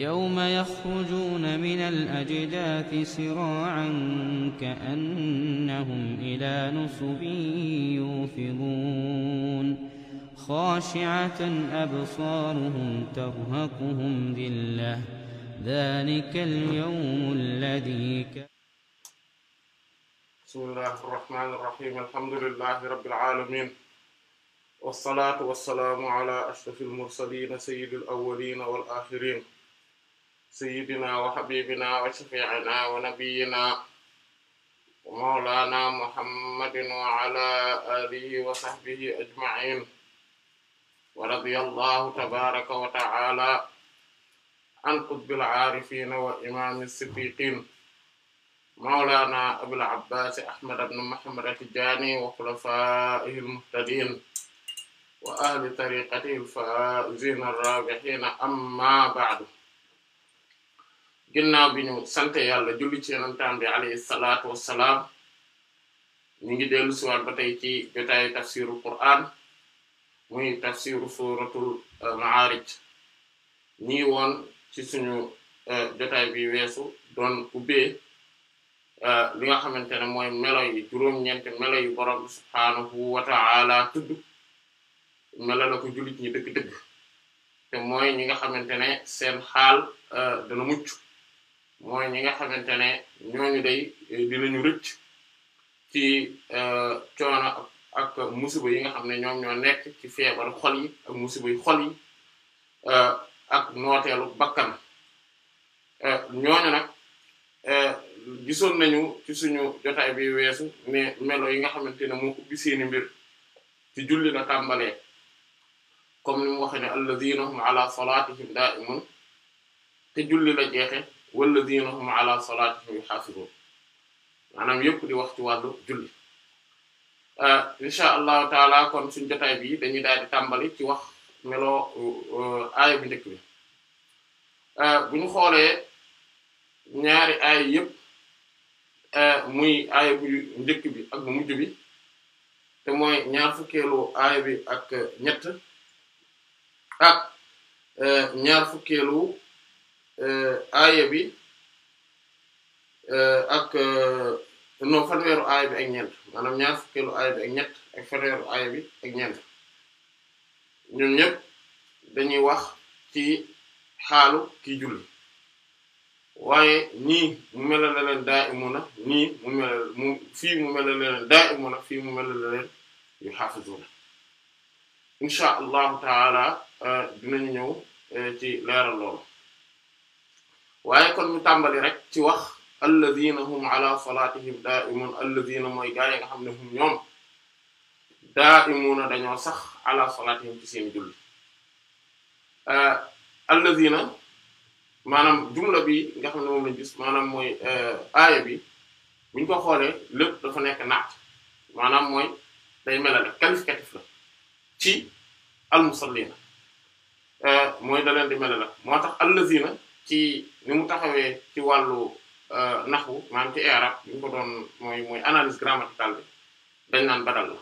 يوم يخرجون من الأجداث سراعا كأنهم إلى نصب يوفضون خاشعة أبصارهم ترهقهم ذلة ذلك اليوم الذي كان بسم الله الرحمن الرحيم الحمد لله رب العالمين والصلاة والسلام على أشرف المرسلين سيد الأولين والآخرين sayyidina wa habibina wa shafi'ina wa nabiyyina wa mawlana muhammadin wa ala alihi wa sahbihi ajma'in wa radiyallahu tabaraka wa ta'ala an qutbil aarifin wa imam as-siddiqin mawlana abul abbas ahmad ibn muhammad at-tijani wa khulafa'ihi al-muhtadin wa ahli tariqatihi al-fa'izin ar-rabihin amma ba'du ginnaaw bi ñu sant yàlla julli ci yonentam bi alayhi salaatu wassalaam ñu ngi dellu siwaat ba tey ci jotaayu tafsiru Qur'an muy tafsiru suratul euh, Ma'arij ñi woon ci suñu euh, jotaay bi weesu doon ubbee euh, li nga xamante ne mooy melo yi juróom-ñeent melo yu borom subhaanahu wa ta'ala tudd melo la jullit ñi dëgg-dëgg te mooy ñi nga xamante ne seen xaal dana mucc mooy ñi nga xamante ne ñooñu day eh, dinañu rëcc ci eh, coono ak musiba yi nga xam ne ñoom ñoo nekk ci feebaru xol yi ak musiba yu xol yi eh, ak nooteelu bakkan ñooñu nag gisoon nañu ci suñu jotaay bi weesu melo yi nga xamante ne moo ubbi seeni mbir ci julli la tàmbalee comme ni mu waxee ne alladhina hum ala salatihim da'imun te julli la jeexe walladina hum ala salatihim yuhafizun maanaam yëpp di wax ci wàllu julli euh, insha allahu taala kon suñ jotaay bi dañuy daal di tàmbali ci wax melo euh, aaya bu njëkk bi euh, bu ñu xoolee ñaari aaya yëpp muy aaya njëkk bi ak bu mujj bi te mooy ñaar fukkeelu aaya ak ñett ak ñaar fukkeelu aaya bi eh, ak eh, non fanweeru bi ak ñeent maanaam ñaar fukkeelu aaya bi bi ak ñeent ñun ñëpp dañuy wax ci xaalu ki julli waaye ñi mu melale leen daa imuna mu melal mu fii mu melale leen daa imuna fii mu melale leen yu xaafisuuna incha allahu taala eh, dinañu ñëw ci leeral waaye kon ñu tàmbali rek ci wax alladhina hum ala salatihim da'imun alladhina mooy gaa yi nga xam ne hum ñoom da'imuna dañoo sax ala salatihim ci seen julli euh, alladhina maanaam jumla bi nga xam ne moom lañ gis maanaam mooy euh, aaya bi buñ ko xoolee lépp dafa nekk naat maanaam mooy day melale qualificatif la ci almusallina euh, mooy da leen di melale moo tax allazina ci ni mu taxawee ci wàllu euh, naxwu maanaam ci arab bi ko doon mooy mooy analyse grammaticale bi dañ naan badal la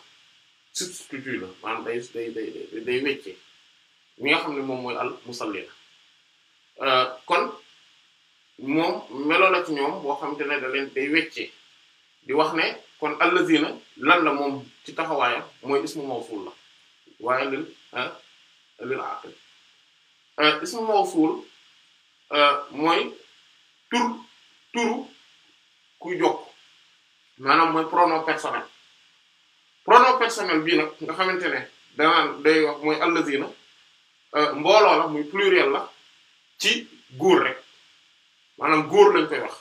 substitut la maanaam day day day day wéccee mi nga xam ne moom mooy al musalli la euh, kon moom meloo na ci ñoom boo xamante ne da leen day weccee di wax ne kon àll allazina lan la moom ci taxawaayam mooy ismu mawsul la waaye lil lil aqil euh, ismu mawsul Euh, mooy tur turu kuy jokk maanaam mooy prono personnel pronom personnel bii nag nga xamante ne danaan day wax mooy allazina euh, mbooloo la muy pluriel la ci góor rek maanaam góor lañ koy wax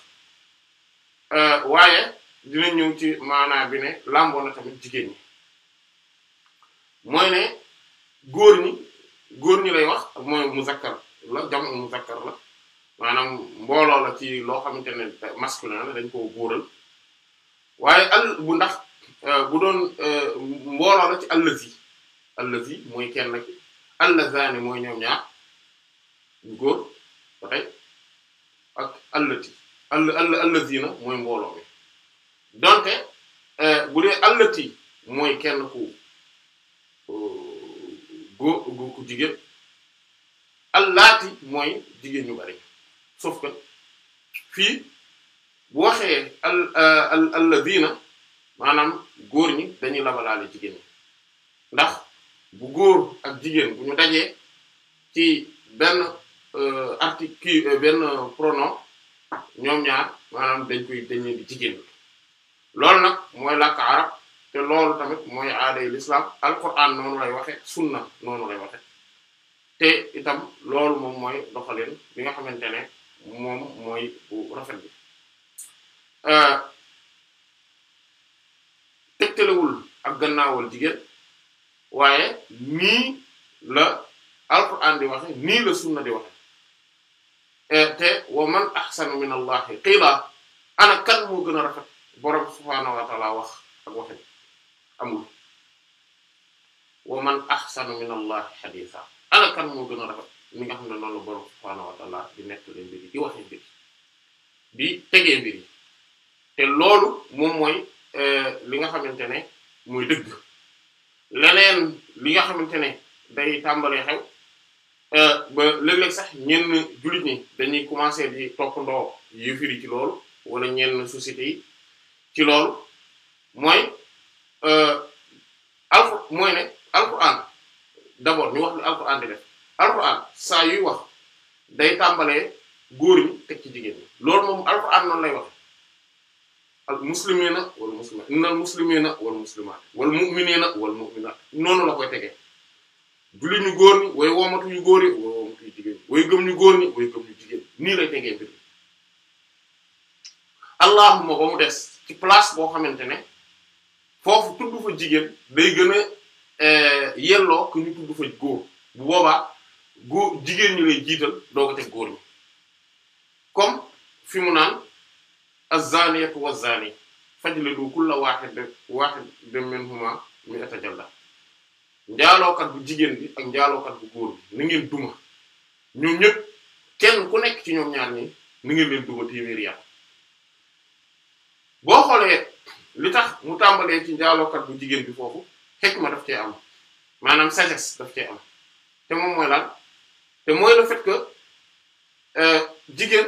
euh, waaye dina ñëw ci maanaa bi ne làmboo na tamit jigéen ñi mooy ne góor ñi góor ñi lay wax mooy muzakkar la jam muzakkar la maanaam mbooloo la ci loo xamante ne masculin la dañ koo góoral waaye al bu ndax euh, bu doon euh, mbooloo la ci allazi allazi mooy kenn ki allazaani mooy ñoom ñaar ñu góor ba ak allati all mooy mbooloo mi euh, bu dee allati mooy kenn ku góor ku jigéen allaati mooy jigéen ñu bari sauf que fii bu waxee al euh, al alladina maanaam góor ñi dañuy labalaale jigéen ñi ndax bu góor ak jigéen bu ñu dajee ci benn euh, article kii euh, benn pronom ñoom ñaar maanaam dañ koy dañ jigéen lool nag mooy làkk arab te loolu tamit mooy aaday l'islam alquran noonu lay waxe sunna noonu lay waxe te itam loolu moom mooy doxalin bi nga xamante ne moom mooy rafet bi euh, tegtalewul ak gannaawal jigéen waaye nii la alquran di waxe nii la sunna di waxe euh, te wa man ahsanu min allahi qiila ana kan moo gën a rafet borom subhaanahu wa ta'ala wax ak waxe amul wa man ahsanu min allahi haditha ana kan moo gën a rafet mi nga xam ne noonu la borom subhaanahu wa taala di nettali mbir yi di waxe mbir di tegee mbir te loolu moom mooy euh, li nga xamante ne mooy dëgg leneen li nga xamante ne day tàmbalee xew euh, ba léeg-léeg sax ñenn jullit ñi dañuy commencé di toppandoo yëfiri ci loolu wala ñenn société yi ci loolu mooy euh, alqur mooy ne alquran d'abord ñu wax li alquran di def alquran saa yuy wax day tàmbalee góor ñi teg ci jigéen ñi loolu moom alquran noonu lay wax al muslimina wal muslimat innal muslimina wal muslimat wal mu'minina wal mu'minat noonu la koy tegee julli ñu góor ñi way woomatu ñu góor yi way woomatu ñu jigéen ñi way gëm ñu góor ñi way gëm ñu jigéen nii lay tegee mbir mi allahumma ba mu des ci place boo xamante ne foofu tudd fa jigéen day gën a eh, yelloo que ñu tudd fa góor bu boobaa góor jigéen ñi lay jiital doo ko teg góor ñi comme fi mu naan az-zaaniyatu waz-zaani fajlidu kulla waahid waahidin minhumaa mi'ata jalda njaalookat bu jigéen bi ak njaalookat bu góor mi ni ngeen duma ñoom ñëpp kenn ku nekk ci ñoom ñaan ñi ni ngeen leen duma téeméeri boo xoolee li tax mu tàmbalee ci njaalookat bu jigéen bi foofu xekma daf cee am maanaam sagesse daf cee am te moom mooy lan te mooy le fait que euh, jigéen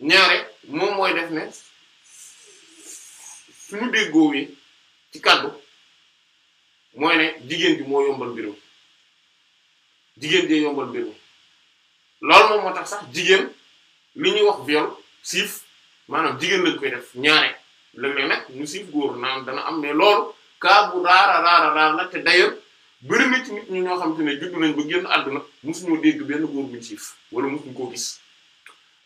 ñaare moom mooy def ne suñu déggoo wi ci kàddu mooy ne jigéen bi moo yombal mbir jigéen jee yombal mbir mi moom moo tax sax jigéen li ñuy wax viol siif maanaam jigéen lañ koy def ñaare léeg-léeg nag ñu siif góor naa dana am ne lool kaa bu raara raara la te d'ailleurs bëri na ci nit ñi ñoo xam te ne juddu nañ ba génn àdduna mosuñoo dégg benn góor buñ siif wala mosuñ koo gis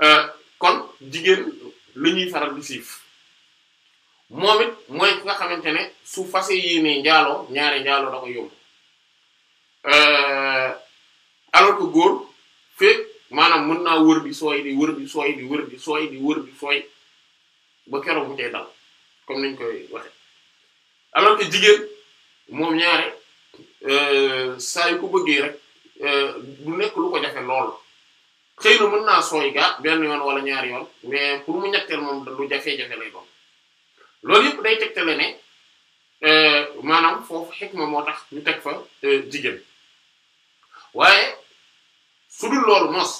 euh, kon jigéen la ñuy faral di siif moom it mooy nga xamante ne su fase yéenee njaaloo ñaare njaaloo da ko yomb alors góor fekk maanaam mën naa wër di sooy di wër di sooy di wër di sooy ba keroog mu cay dal comme niñ koy waxe alors que jigéen moom ñaare Euh, saa yu ko bëggee rek euh, du nekk lu ko jafe lool xëy na mën naa sooy ga benn yoon wala ñaar yoon mais pour mu ñetteel moom lu jafe-jafe lay doon loolu yëpp day tegtale ne euh, maanaam foofu xikma moo tax ñu teg fa jigéen waaye su dul loolu mos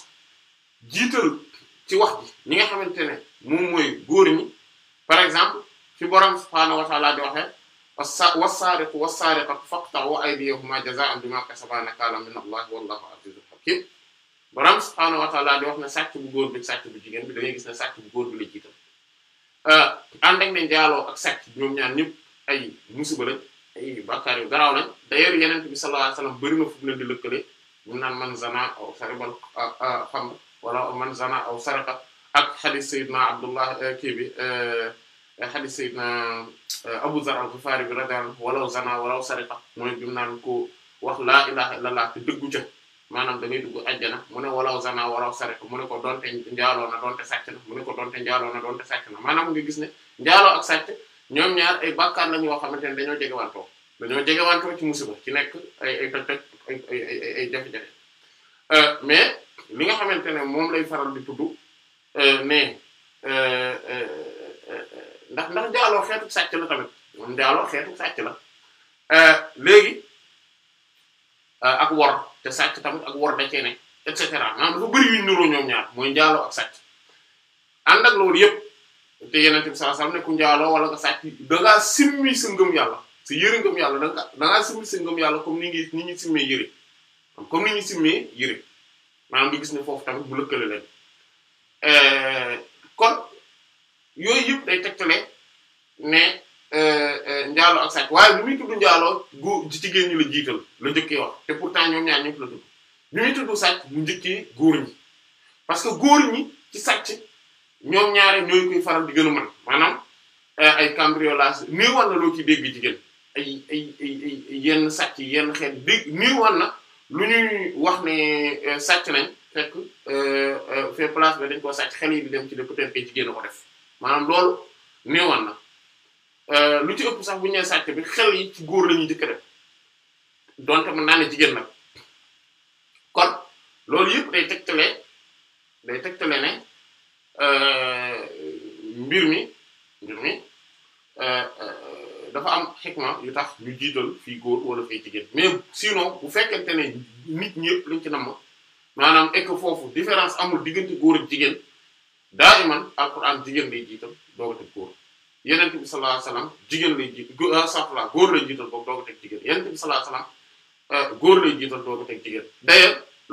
jiital ci wax ji ñi nga xamante ne moom muy góor ñi par exemple fi borom subhaanahu wa ta'ala di waxee. wasa wassaariqu wassaariqatu faqta'u aydiyahuma jazaa'an bimaa kasabaa nakaalan min allah wallahu azizun hakim borom subhaanahu wa ta'aala di wax ne sàcc bu bi ak sàcc bu jigéen bi dañuy gis ne sàcc bu bi la jiital euh, ànd ak ne ak sàcc ñoom ñaar ñëpp ay musiba lañ ay bàkkaar yu garaaw lañ d'ailleurs yeneen bi sallallahu alayhi wasallam bëri na fu di lëkkale mu naan man man zana ak hadith sayyidina Abdullah euh, kii euh, xadis sayyidina eh, Abu Zar al-Ghifari bi radiyallahu anhu walaw zana walaw sariqa mooy bi mu ko wax laa la illallah te dëggu ca maanaam da ngay dugg àjjana mu ne walaw zana walaw sariqa mu ne ko donte njaaloo na donte sàcc na mu ne ko donte njaaloo na donte sàcc na maanaam nga gis ne njaaloo ak sàcc ñoom ñaar ay bàkkaar lañ yoo xamante ne dañoo jegewantoo dañoo jegewantoo ci musiba ci nekk ay ay toj toj ay ay ay jafe eh, mais li nga xamante ne moom lay faral di tudd eh, ne ndax ndax njaaloo xeetu sàcc la tamit moom njaaloo xeetu sàcc la euh, léegi euh, ak wor te sàcc tamit ak wor da cee ne et cetera maanaam dafa bëri yuñ niroo ñoom ñaar mooy njaaloo ak sàcc ànd ak loolu yëpp te yeneen tamit saa sam ne ku njaaloo wala nga sàcc da ngaa simmi yàlla si yëre ngëm yàlla da nga da ngaa yàlla comme ni ngi ni ñuy simmee yëre comme ni ñuy simmee yëre maanaam di gis ne foofu tamit bu lëkkale euh, kon yooyu yëpp day tegtale ne euh, euh, njaalo ak sàcc waaye bi muy tudd njaaloo góor jigéen ñi la jiital la njëkkee wax te pourtant ñoom ñaar ñëpp la tudd góor parce que góor ñi ci sàcc ñoom ñaare ñooy koy faral di gën maanaam euh, ay cambriolage nii war loo ci dégg jigéen ay ay ay yenn sàcc yenn xel dégg nii war na lu ñuy wax ne sàcc nañ fekk fait place ba dañ koo sàcc xel yi di dem ci de peut-être que jigéen a ko def maanaam loolu néewoon na euh, lu ci ëpp sax bu ñu nee sàcc bi xel yi ci góor lañuy ñuy jëkk def donte mën naa ne jigéen nag kon loolu yëpp day tegtale day tegtale ne euh, mbir mi mbir mi euh, dafa am xikma yu tax ñu jiital fii góor wala fii jigéen mais sinon bu fekkente ne nit ñi yëpp lañ ci namm maanaam ek foofu différence amul diggante góor ak jigéen daa iman alquran jigéen lay jiital doog a teg góor yeneen bi sallallahu alayhi wasallam jigéen lay ji ah, safla góor lay jiital boobu doog a teg jigéen yeneen bi sallallahu alayhi wasallam ah, góor lay jiital doog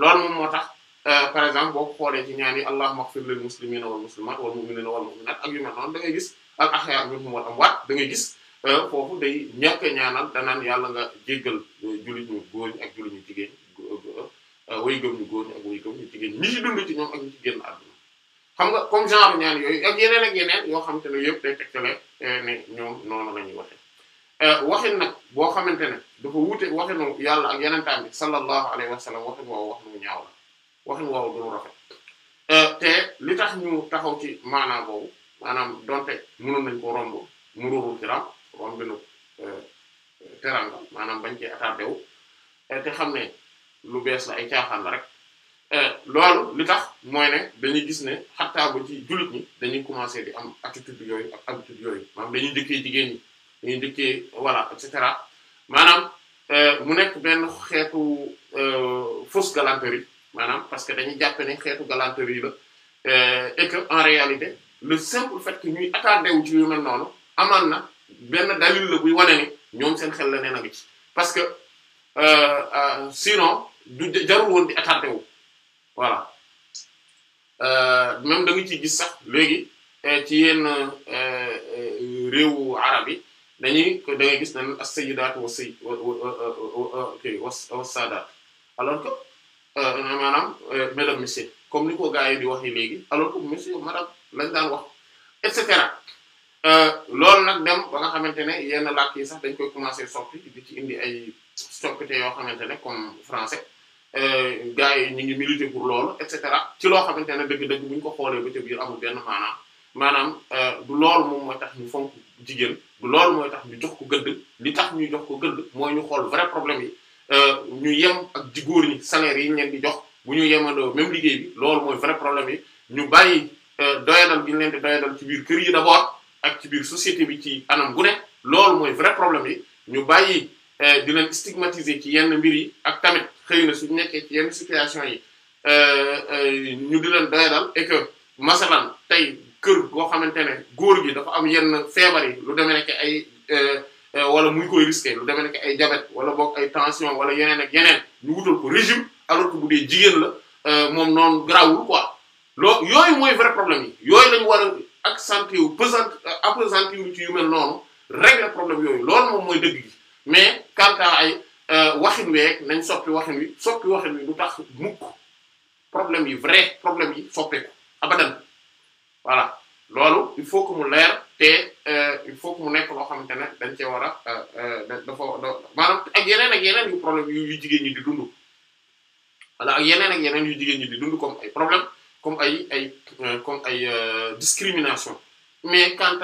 a moom moo tax ah, par exemple boo xoolee ci ñaan yi allahumma ighfir lil muslimina wal muslimat wal mu'minina wal mu'minat ak yu mel noonu da ngay gis al ahya minhum wal amwat da ngay gis foofu day ñàkk ñaanal danaan yàlla nga jéggal jullit ñu góor ñi ak jullit ñu jigéen way gëm ñu góor ñi ak way gëm ñu jigéen ak ñu xam nga comme genre ñaan yooyu ak yeneen ak yeneen yoo xamante ne yëpp day tegtale eh, ne ñoom noonu la ñuy waxe eh, waxin nag boo xamante ne dafa wuute waxinu yàlla ak yeneen taam bi sallallahu alayhi wa sallam waxin woowu wax nu ñaaw la waxin woowu du rafet eh, te li tax ñu taxaw ci maanaam boobu maanaam donte maanaam bañ ci te xam ne lu bees la ay caaxaan la rek Euh, loolu li tax mooy ne dañuy gis ne xattaa ba ci jullit ñi dañuy commencé di am attitude yooyu ak habitude yooyu maanaam dañuy dëkkee jigéen ñi dañuy dëkkee voilà et cetera maanaam euh, mu nekk benn xeetu euh, fausse galanterie maanaam parce que dañuy jàpp ni xeetu galanterie la et en réalité le simple fait que ñuy attardé wu ci yu mel noonu amaan na benn dalil la buy wane ni ñoom seen xel la nee ci parce que sinon du jarul woon di attardé wu. voilà euh, même da nga ciy gis sax léegi euh, ci yenn euh, réewu arab yi dañuy da ngay gis ne as-sayyidaatu wa say wa saadaat alors que maanaam madame monsieur comme ni ko gars yi di waxee léegi alors que monsieur madame lañ daan wax et cetera loolu nag dem ba xamante ne yenn làkk yi sax dañ koy commencé soppi di ci indi ay soppite yoo xamante ne comme français. Euh, gars yi ñu ngi militer pour loolu et cetera ci loo xamante ne dëgg-dëgg bu ñu ko xoolee ba ca biir amul benn maanaam maanaam euh, du loolu moom mooy tax ñu fonk jigéen du loolu mooy tax ñu jox ko gëdd di tax ñu jox ko gëdd mooy ñu xool vrai problème yi euh, ñu yem ak ji góor ñi salaire yi ñu leen di jox bu ñu yemandoo même liggéey bi lool mooy vrai problème yi ñu bàyyi doyadal bi ñu leen di doyadal ci biir kër yi d'abord ak ci biir société bi ci anam gu ne loolu mooy vrai problème yi ñu bàyyi di leen stigmatiser ci yenn mbir yi ak tamit xëy na suñu nekkee ci yenn situation yi euh, euh, ñu di leen doy dal et que tey kër goo xamante ne góor gi dafa am yenn feebar yi lu demee nekk ay euh, wala muy koy risqué lu demee nekk ay diabète wala book ay tension wala yeneen ak yeneen ñu wutal ko régime alors que bu dee jigéen la moom noonu grawul quoi loo yooyu mooy vrai problème yi yooyu lañu war a accentuer wu pesant appesantir wu ci yu mel noonu régler problème yooyu loolu moom mooy dëgg gi mais quant Euh, waxin weeg nañ soppi waxin wi soppi waxin wi du tax mukk problème yi vrai problème yi soppeeku abadan voilà loolu il faut que mu leer te euh, il faut que mu nekk loo xamante ne dañ cee war a euh, dafa maanaam ak yeneen ak yeneen yu problème yu jigéen ñi di dund voilà ak yeneen ak yeneen yu jigéen ñi di dund comme ay problème comme ay ay comme ay discrimination mais quant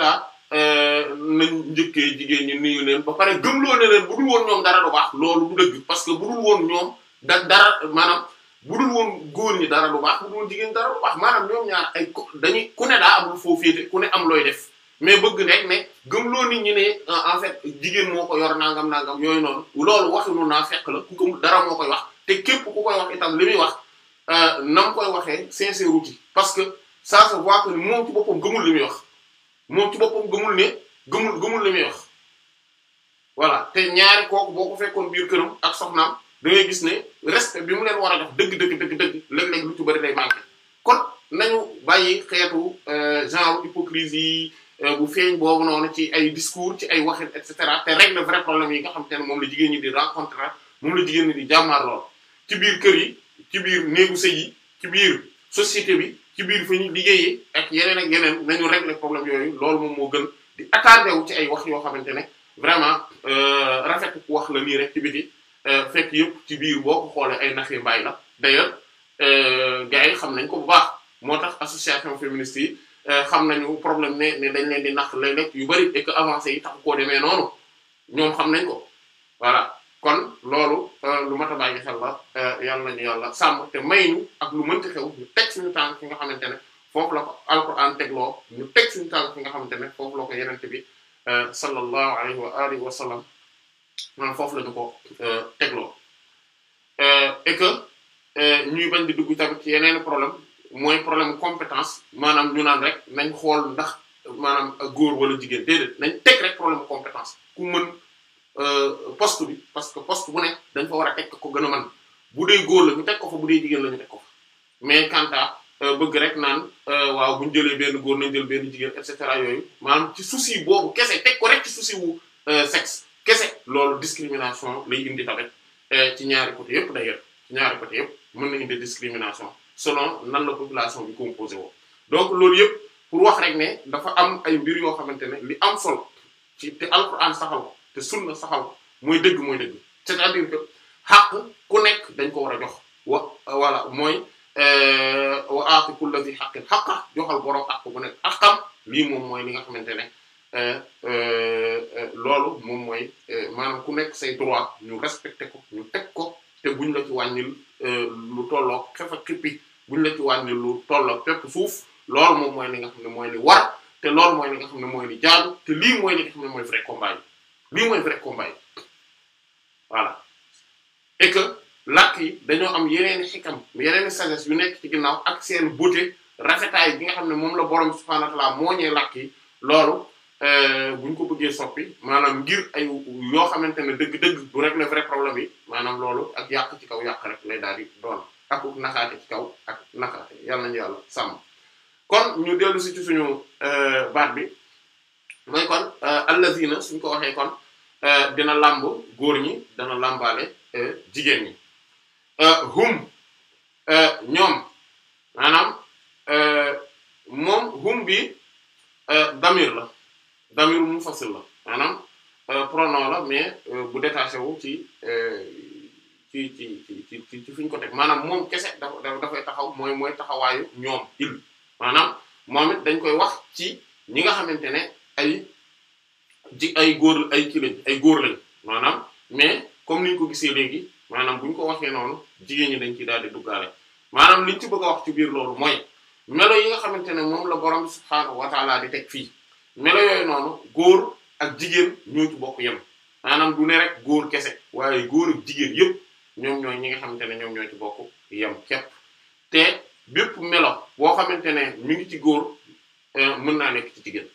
Euh, nañ njëkkee jigéen ñi nuyu leen ba pare gëmloo ne leen bu dul woon ñoom dara du baax lool du dëgg parce que bu dul woon ñoom da dara maanaam bu dul woon góor ñi dara du baax bu dul woon jigéen dara du baax maanaam ñoom ñaar ay dañuy ku ne daa amul foo féete ku ne am looy def mais bëgg rek ne gëmloo nit ñi ne euh, en fait jigéen moo ko yor nangam nangam yooyu noonu loolu waxuñu naa fekk la ku ko dara moo koy wax te képp ku koy wax itam li muy wax euh, na mu koy waxee sincérité parce que ça se voit que gëmul li muy wax. moom ci boppam gëmul ne gëmul gëmul li muy wax voilà te ñaari kooku boo ko fekkoon biir këram ak soxnaam da ngay gis ne respect bi mu leen war a def dëgg dëgg dëgg dëgg léeg-léeg lu ci lay manqué kon nañu bàyyi xeetu euh, genre hypocrisie euh, bu feeñ boobu noonu ci ay discours ci ay waxin et cetera te règle vrai problème yi nga xam te ne moom la jigéen ñi di rencontrer moom la jigéen ñi di jàmmaar lool ci biir kër yi ci biir néegu sëy yi ci biir société bi ci biir fi ñu liggéeyee ak yeneen ak yeneen nañu régler problème yooyu loolu moom moo gën di attardé wu ci ay wax yoo xamante ne vraiment euh, rafet ku wax la nii rek ci biti euh, fekk yëpp ci biir boo ko xoolee ay naxee mbaay la d'ailleurs euh, gars yi xam nañ ko bu baax moo tax association féministe yi xam nañu problème ne ne dañ leen di nax léeg-léeg yu bari et que avancé yi tax koo demee noonu ñoom xam nañ ko voilà kon loolu lu mat a bàyyi xel la yàlla nañu yàlla sàmm te may ñu ak lu mënti xew fi nga xamante ne foofu la ko alquran tegloo ñu teg suñu tànk fi nga xamante ne foofu la ko yenente bi euh, sallallahu alayhi wa alihi wa sallam maanaam foofu la ñu ko euh, tegloo euh, et que ñuy bañ di dugg tamit ci yeneen problème mooy problème compétence maanaam ñu naan rek nañ xool ndax maanaam góor wala jigéen déedéet nañ teg rek problème compétence ku mën poste bi parce que poste bu nekk dañ fa war a teg ko gën a mën bu dee góor la ñu teg ko fa bu dee jigéen la ñu teg ko fa mais quant Euh, bëgg rek naan euh, waaw bu ñu jëlee benn góor nañ jël benn jigéen et cetera yooyu maanaam ci souci boobu kese teg ko rek ci souci wu euh, sexe kese loolu discrimination lay indi tamit ci ñaari côté yëpp d'ailleurs ci ñaari côté yëpp mën na indi discrimination selon nan la population bu composé woo donc loolu yëpp pour wax rek ne dafa am ay mbir yoo xamante ne li am solo ci te alquran saxal ko te sunna saxal ko mooy dëgg mooy dëgg cest a dire que xàq ku nekk dañ ko war a jox wa voilà wa aati kulla di xaqin xaqa joxal borom àq bu nekk àqam lii moom mooy li nga xamante ne euh, euh, euh, loolu moom mooy maanaam ku nekk say droit ñu respecté ko ñu teg ko te buñ la ci lu tolloo xef ak xippi buñ la ci lu tolloo pepp suuf loolu moom mooy li nga xam ne mooy li war te loolu mooy li nga xam ne mooy li jaadu te lii mooy li nga xam ne mooy vrai combat yi lii vrai combat yi voilà làkk yi dañoo am yeneen xikam yeneen sagesse yu nekk ci ginnaaw ak seen beauté rafetaay bi nga xam ne moom la borom subhaanahu wa ta'aala mooñee làkk yi loolu euh, buñ ko bëggee soppi maanaam ngir ay yoo xamante ne dëgg-dëgg du régler vrai problème yi maanaam loolu ak yàq ci kaw yàq rek lay daal di doon ak naxaate ci kaw ak naxaate yàlla nañu yàlla sàmm kon ñu dellu si ci suñu euh, baat bi mooy kon euh, allazina suñ ko waxee kon dina làmb góor ñi dana làmbaale jigéen ñi Euh, hum euh, ñoom maanaam euh, moom hum bi damir la damir mu fasil la maanaam pronom la mais bu détaché wu ci ci ci ci ci ci fi ko teg maanaam moom kese dafa dafay taxaw mooy mooy taxawaayu ñoom il maanaam moom it dañ koy wax ci ñi nga xamante ne ay ji ay góor ay kii ay góor lañ maanaam mais comme niñ ko gisee léegi. maanaam bu ñu ko waxee noonu jigéen ñi dañ ciy daal di duggaale maanaam liñ ci bëgg a wax ci biir loolu mooy melo yi nga xamante ne moom la borom subhaanahu wa di teg fii melo yooyu noonu góor ak jigéen ñoo ci bokk yem maanaam du ne góor kese waaye góor jigéen yëpp ñoom ñi nga xamante ne ñoom ñoo bokk yem képp te bépp melo boo xamante ne mi ngi ci góor eh, mën naa nekk ci jigéen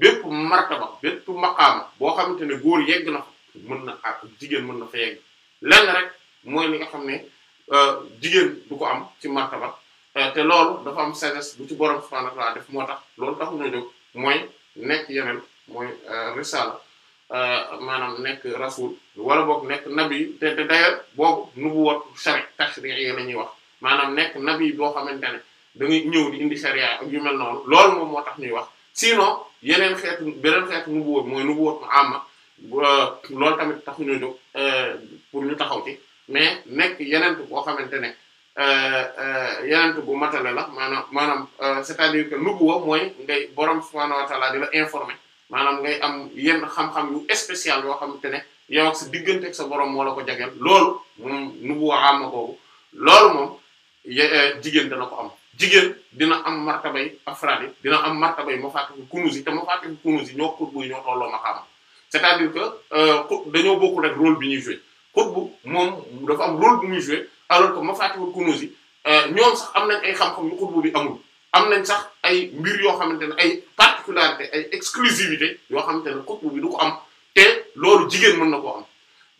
bépp martaba bépp maqaama boo xamante ne góor yegg na mën na ak jigéen mën na fa yegg lenn rek mooy li nga xam ne euh, jigéen du ko am ci martaba euh, te loolu dafa am sagesse bu ci borom subhanahu wa ta'ala def moo tax loolu taxul ñu jóg mooy nekk yeneen mooy euh, risala maanaam nekk rasul wala boog nekk nabi te te d'ailleurs boobu nubuwat shari tashri'i la ñuy wax maanaam nekk nabi boo xamante ne da ñëw di indi sharia ak yu mel noonu loolu moom moo tax ñuy wax sinon yeneen xeetu beneen xeetu nubuwat mooy nubuwat mu amma lool tamit taxuñoo jóg pour ñu taxaw ci. mais nekk yenent boo xamante ne euh, euh, yenent bu matale la maanaam maanaam euh, c'est-à-dire que nubuwa mooy ngay borom subhaanahu wa ta'aala di la informer maanaam ngay am yenn xam-xam yu spécial yoo xamante ne yow ak sa diggante ak sa borom moo ko jageel loolu nubuwa am na kooku loolu moom jigéen dana ko am jigéen dina am martabay afraad yi dina am martabay mafaatihu kunuz yi te mafaatihu kunuz yi ñoo xutbu ñoo tolloo maqaama c'est-à-dire que dañoo bokkul rek rôle bi ñuy jouer xutbu moom dafa am rôle bu muy joué alors que Mafatihul Kunûz euh, ñoom sax am nañ ay xam-xam yu xutbu bi amul am nañ sax ay mbir yoo xamante ne ay particularité ay exclusivité yoo xamante ne xutbu bi du ko am te loolu jigéen mën na koo am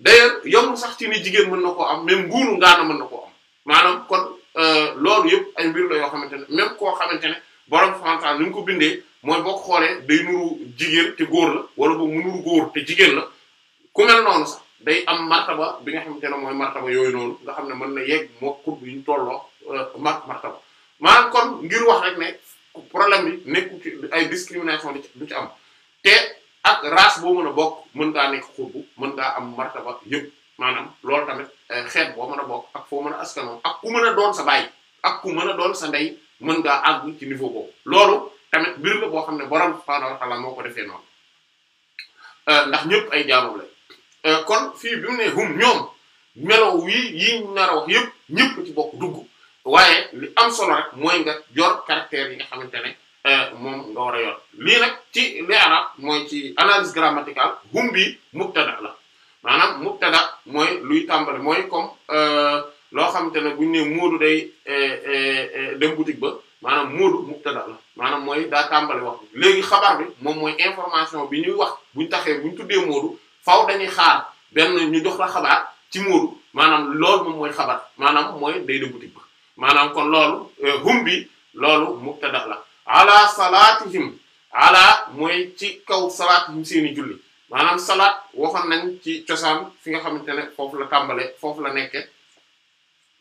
d'ailleurs yomul sax ci ni jigéen mën na ko am même nguuru ngaana mën na koo am maanaam kon euh, loolu yëpp ay mbir la yoo xamante ne même koo xamante ne borom fantaan ni mu ko bindee mooy boo ko xoolee day nuru jigéen te góor la wala boobu góor jigéen la ku mel day am martaba bi nga xamante ne mooy martaba yooyu noonu nga xam ne mën na yegg moo kutb yi ñu tolloo euh, mart martaba maanaam kon ngir wax rek ne problème bi nekku ci ay discrimination du ci am te ak race boo mën a bokk mën ngaa nekk xutb mën ngaa am martaba yëpp maanaam loolu tamit euh, xeet boo mën a book ak foo mën a askanoo ak ku mën a doon sa baay ak ku mën a doon sa ndey mën ngaa àgg ci niveau boobu loolu tamit mbir la boo xam ne borom subhaanahu wa ta'aala ko defee noonu euh, ndax ñëpp ay jaamam Euh, kon fii bi mu ne hum ñoom melow yi yi nar a wax yëpp ci bokk dugg waaye li am solo rek mooy nga yor caractère yi nga xamante ne euh, moom nga war a yor lii nag ci li arab mooy ci analyse grammaticale hum bi mubtada la maanaam mubtada mooy luy tàmbali mooy comme euh, loo xamante ne buñu ne moodu day dem boutique ba maanaam moodu mubtada la maanaam mooy daa tàmbale wax léegi xabaar bi moom mooy information bi ñuy wax buñ taxee bu ñu tuddee moodu faw dañuy xaar benn ñu dox la xabaar ci móodu maanaam loolu moom mooy xabaar maanaam mooy day dëggu tig ba maanaam kon loolu euh, hum bi loolu mubtada la ala salaatihim ala mooy ci kaw salaatihim seeni julli maanaam salaat waxoon nañ ci cosaan fi nga xamante ne foofu la tàmbale foofu la nekke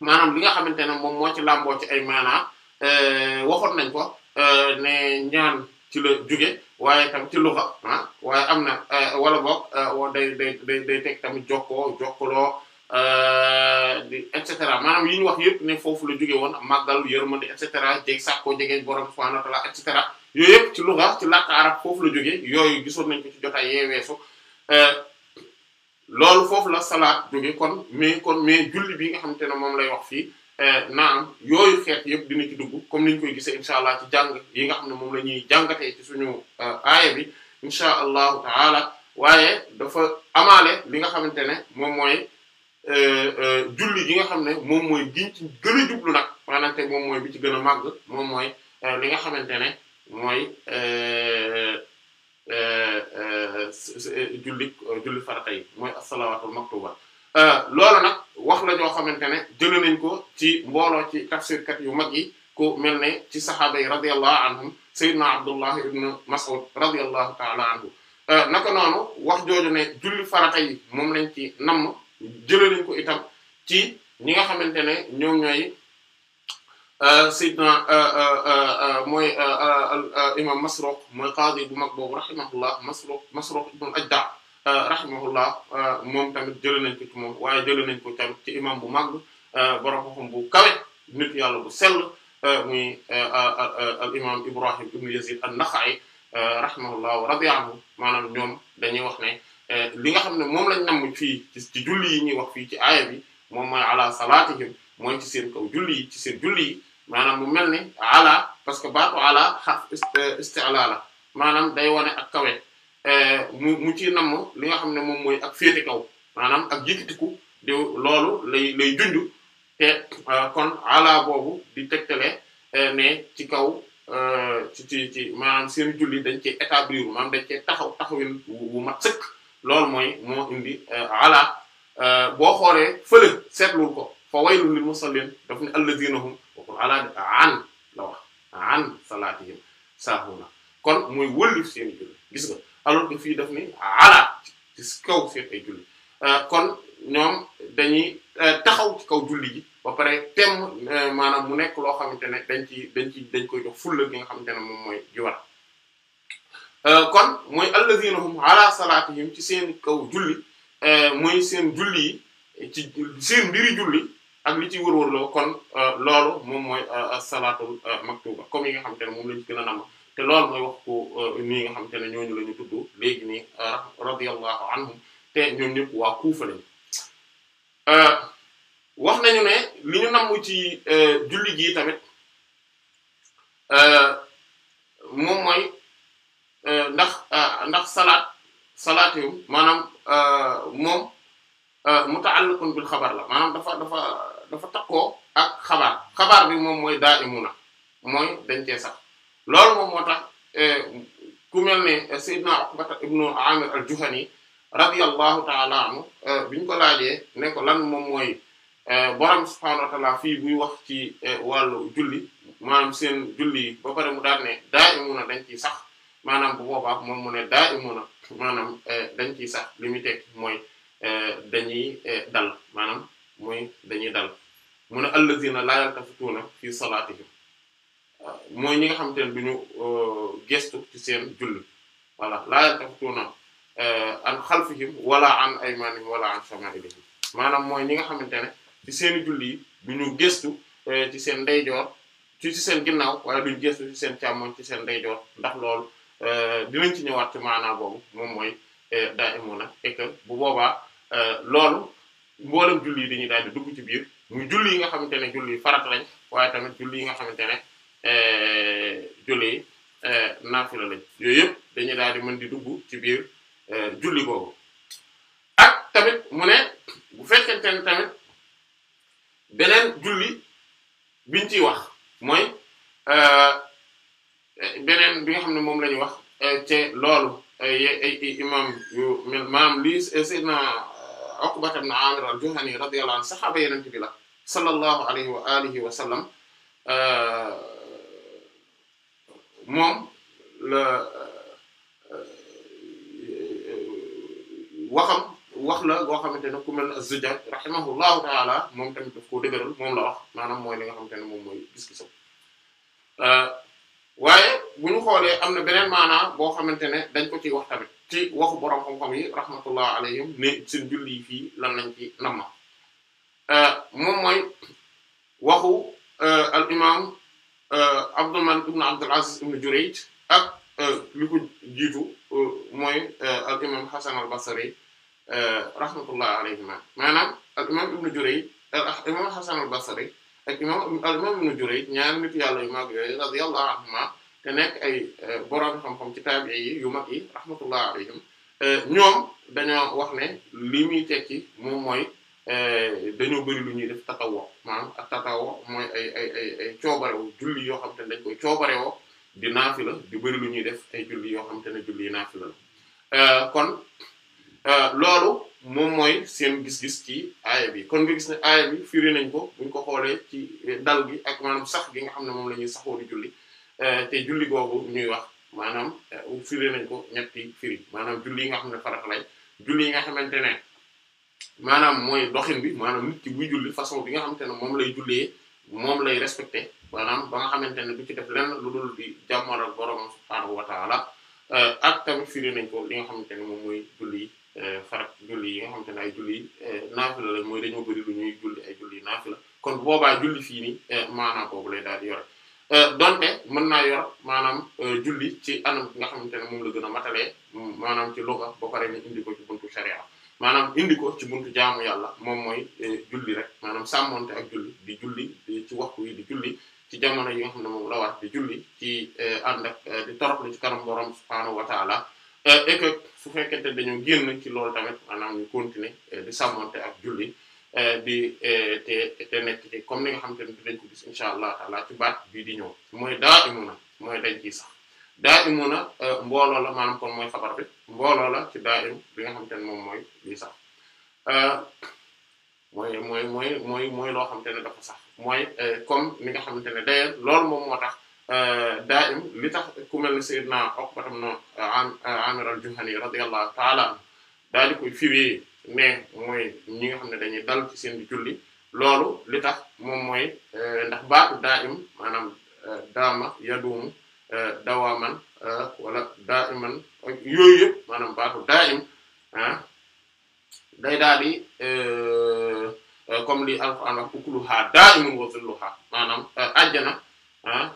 maanaam li nga xamante ne moom moo ci làmboo ci ay maanaa euh, waxoon nañ ko euh, ne ñaan ci la juge waaye tam ci luxa ah, waaye am na eh, wala boog eh, day day day day teg tamit jokkoo jokkaloo eh, di et cetera maanaam yi ñu wax yëpp ne foofu la jóge woon màggal yërmande et cetera jéeg sàkkoo jegeen borom subhaanahu wa ta'aala et cetera yooyu yëpp ci luxa ci làkk arab la jóge yooyu gisoon nañ ko ci jotaay yee loolu foofu la salaat jóge kon mais kon mais julli bi nga xam xamante ne moom lay wax fii Eh, naan yooyu xeet yëpp dina ci dugg comme ni ñu koy gisee incha allah ci jàng yi nga xam ne moom la ñuy jàngatee ci suñu eh, aaya bi incha allah taala waaye dafa amaale li nga xamante ne moom mooy eh, julli yi nga xam ne moom mooy giñ ci gën a moom mooy bi ci gën a màgg moom mooy li nga xamante ne mooy julli julli farata yi mooy assalawaatul maktuba Euh, loolu nag wax la ñoo xamante ne jëlee nañ ko ci mbooloo ci tafsirkat yu mag yi ku mel ne ci saxaaba yi radiyallahu anhum sayyidna Abdullah ibn Mas'ud radiyallahu ta'ala anhu euh, naka noonu wax jooju ne julli yi moom lañ ci namm jëlee nañ itam ci ñi nga xamante ne ñoom ñooy euh, sayyidna mooy imam Masruq mooy qaadi bu mag boobu rahimahullah Masruq Masruq ibn ajda Euh, rahimahullah euh, moom tamit jëlee nañ ko ci moom waaye jëlee nañ ko tamit ci imam bu mag euh, borom xam bu kawe nit yàlla bu sell muy al imam Ibrahim ibn Yazid an-Nakha'i rahimahullah wa radiya anhu maanaam ñoom dañuy wax ne li nga xam ne moom lañ namm fii ci julli yi ñuy wax fii ci aaya bi moom mooy ala salaatihim mooy ci seen kaw julli yi ci seen julli yi maanaam mu mel ni ala parce que baatu ala xaf isti'la la maanaam day wane ak kawe Eh, mu mu ci namu li nga xam ne moom mooy ak féete kaw maanaam ak yëkkatiku di loolu lay lay junj te eh, kon ala boobu di tegtale eh, ne ci kaw ci ci ci maanaam seen julli dañ cee établir maanaam dañ cee taxaw taxawin wu mat sëkk lool mooy moo indi ala boo xoolee fële seetlul ko fa waylul lil musallin daf ne alladhina hum ala an la wax an kon mooy wëllu seen julli gis nga alors que fii def ni ala ci kaw seen ay julli euh, kon ñoom dañuy euh, taxaw ci kaw julli ji ba pare temm euh, maanaam mu nekk loo xamante ne dañ ci dañ ci dañ koy jox fulla gi nga xamante ne moom mooy ji war kon mooy allazina hum ala salatihim ci seen kaw julli mooy seen julli yi ci seen mbiri julli ak li ci wër-wër la kon loolu moom mooy salaatul maktuba comme yi nga xamante ne moom lañ gën a nama te lool mooy wax ko nii euh, nga xamante ne ñooñu la ñu tudd léegi nii euh, radiyallahu anhum te ñoom ñëpp waa Kufa lañu euh, wax ne li ñu namm ci julli gi tamit moom mooy ndax ndax salaat salaat yu maanaam moom muta'alliqun bil xabar la maanaam dafa dafa dafa takkoo ak xabaar xabaar bi moom mooy daa'imuna mooy dañ cee sax. loolu moom moo tax eh, ku mel ne Seydina ibnu Amir al-Juhani radiyallahu ta'ala anhu eh, bi ñu ko laajee ne ko lan moom mooy eh, borom fii buy wax ci wàllu juli maanaam seen julli ba pare mu daal ne daa'imuna dañ ciy sax maanaam bu boobaa moom mu ne daa'imuna maanaam dañ ci sax li mu teg mooy dañuy dal maanaam mooy dañuy dal mu ne allazina la yaltafituuna fi salaatihim mooy ñi nga xamante ne duñu euh, gestu ci seen julli voilà laa yaltafituuna euh, an xalfihim wala an aymanihim wala an shama'ilihim maanaam mooy ñi nga xamante ne ci seeni julli yi duñu gestu euh, ci seen ndeyjoor ci seen ginnaaw waaye duñu gestu ci seen càmmoñ ci seen ndeyjoor ndax lool dinañ ci ñëwaat ci maanaam boobu moom mooy daa'imuna na que bu boobaa loolu mboolem julli yi dañuy daal di dugg ci biir muy julli yi nga xamante ne julli yi farata waaye tamit julli yi nga xamante ne Eh, julli eh, naafila lañ yooyu yëpp dañuy daal di mën di dugg ci biir eh, julli boobu ak tamit mu ne bu fekkente tamit beneen julli biñ wax mooy beneen bi xam ne moom la wax ci loolu ay ay imam yu maam lii sayyidna Uqba ibn Amir al-Juhani radiyallahu anhu saxaaba yeneen bi la sallallahu alayhi wa alihi wa sallam moom la euh, waxam wax la boo xamante ne ku mel ne az-Zujjaj rahimahullahu taala moom tamit daf koo dëgëral moom la wax maanaam mooy li nga xamante ne moom mooy gis-gisam euh, waaye bu ñu xoolee am na beneen maanaa boo xamante ne dañ ko ciy wax tamit ci waxu borom xam-xam yi rahmatullah alayhim ne seen julli yi fii lan lañ ci namma euh, moom waxu al imam Euh, Abdul Malik ibn Abdul Aziz ibn Jurayj ak euh, li ko jiitu euh, mooy al imam Hasan al Basri rahmatullahi alayhima maanaam al imam ibn Jurayj ak ah, imam Hasan al Basri ak imam al imam ibn Jurayj ñaar nit yàlla yu mag yooyu radiyallahu anhuma te nekk ay borom xam-xam ci taabi'i yi yu mag yi rahmatullahi alayhim ñoom dañoo wax ne li muy tekki moom mooy. Eh, dañoo bëri lu ñuy def tatawoo maanaam ak tatawoo mooy ay ay ay julli yoo xam te ne dañ koy coobarewoo di naafila di bëri lu ñuy def ay julli yoo xam te ne julli naafila la eh, kon eh, loolu moom mooy seen gis ci aaya bi kon nga gis ne aaya bi firi nañ ko buñ ko xoolee ci dal gi ak maanaam sax gi nga xam ne moom la ñuy saxoo di julli te julli googu ñuy wax maanaam firi nañ ko ñetti firi maanaam julli yi nga xam ne farata lay julli yi nga xamante ne maanaam mooy doxin bi maanaam nit ki buy julli façon bi nga xamante ne moom lay jullee moom lay respecté maanaam ba nga xamante ne du ci def lenn lu dul di jàmmal ak borom subhaanahu wa ta'ala euh, ak tamit nañ ko li nga xamante ne moom mooy julli euh, farat yi nga xamante ne ay julli euh, naafila la mooy dañoo bëri ñuy julli ay julli naafila kon boobaa julli fii nii maanaam boobu lay daal di yore donte mën naa yor maanaam julli ci anam nga xamante ne moom la gën a maanaam ci luga ba pare ñu indi ko ci buntu sharia maanaam indi ko ci buntu jaamu yàlla moom mooy eh, julli rek maanaam sàmmonte ak julli di julli ci waxtu yi di julli ci jamono yi nga xam ne moom la war di julli ci eh, ànd ak eh, di toroxlu ci kanam borom subhaanahu wa taala et que su fekkente dañoo génn ci loolu tamit maanaam ñu continuer di sàmmonte ak julli di te te nekk ci comme ni nga xam te ne dañ ko gis incha allah taala ci baat bii di ñëw mooy daa imu na mooy dañ ciy sax daa'imuna euh, mbooloo la maanaam kon mooy xabar bi mbooloo la ci daa'im bi nga xamante moom mooy lii sax euh, mooy mooy mooy mooy mooy loo xamante ne dafa sax mooy kom euh, li nga xamante ne d'ailleurs lool moom moo tax daa'im li tax ku mel ne Seydina Uqbatam no Amir al-Juhani radiyallahu ta'ala anhu fi di koy firi ne mooy ñi nga xam ne dañuy dal seen julli loolu li tax moom mooy ndax baatu daa'im maanaam daama yaduumu Euh, dawaaman euh, wala daiman yooyu yëpp maanaam baatu daim ah day daal di euh, comme li alquran wax ukuluha daimun wa zilluha maanaam ajjana ah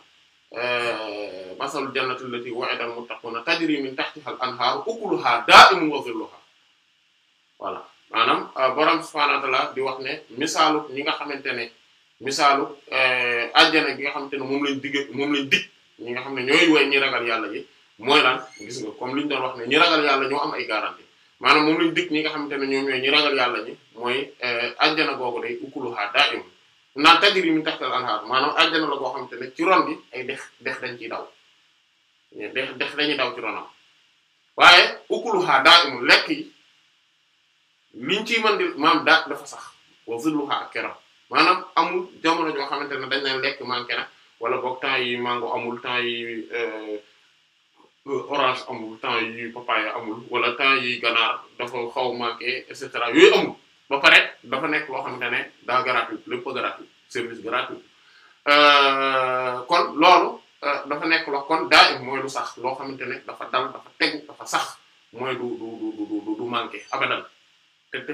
masalu jannati allati wa'ida al-muttaquna tajri min tahtiha al-anhaaru ukuluha daimun wa zilluha voilà maanaam borom subhaanahu wa ta'aala di wax ne misaalu ñi nga xamante ne misaalu ajjana gi nga xamante ne moom lañ digg ñi nga xam ne ñooy woy ñi ragal yàlla ji mooy lan gis nga comme li ñu doon wax ne ñi ragal yàlla ñoo am ay garantie maanaam moom lañ dig ñi nga xamante ne ñoom ñooy ñi ragal yàlla ñi mooy eh, ajjana googu day ukuluha da'im naan tajri min tahtal anhar maanaam ajjana la boo xamante ne ci ron ay dex dex dañ ciy daw dex dex dañuy daw ci ronam waaye ukuluha da'im lekk yi liñ ciy mën di maam daa dafa sax wa zilluha ak keram maanaam amul jamono joo xamante ne dañ leen lekk man na wala boog temps yi mango amul temps yi euh, orange amul temps yi papaya amul wala temps yi ganaar dafa xaw manqué et cetera yooyu amul ba pare dafa nekk loo xamante ne daa gratuit lépp gratuit service gratuit euh, kon loolu euh, dafa nekk loo kon daa im mooy lu sax loo xamante ne dafa dal dafa tegu dafa sax mooy du du du du du manqué te te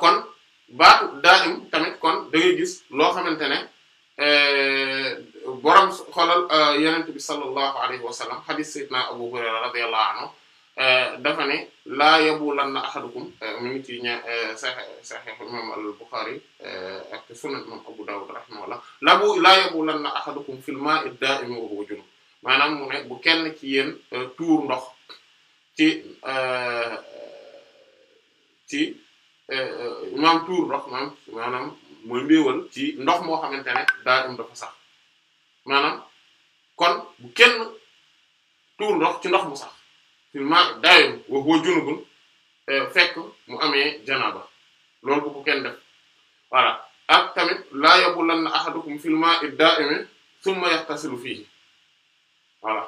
kon baatu daa'im tamit kon da ngay gis loo xamante ne euh, borom xoolal euh, yonent bi sallallahu alayhi wa sallam Abu Hurayra radiyallahu anhu euh, dafa ne laa yabulanna ahadukum mu ngi ci ña sahih imam al-Bukhari ak sunan imam Abu Dawud rahimahullah labu laa yabulanna ahadukum fil ma'i ad-da'im wa huwa junub mu ne bu kenn ci yéen tuur ndox ci ci maanaam euh, tuur ndox maanaam maanaam mooy mbiiwal ci ndox moo xamante ne daa am dafa sax maanaam kon bu kenn tuur ndox ci ndox mu sax ma daayom wax woo junubun euh, fekk mu amee janaaba loolu bu ko kenn def voilà ak tamit laa yabulanna ahadukum fil ma'i da'imi thumma yahtasilu fihi voilà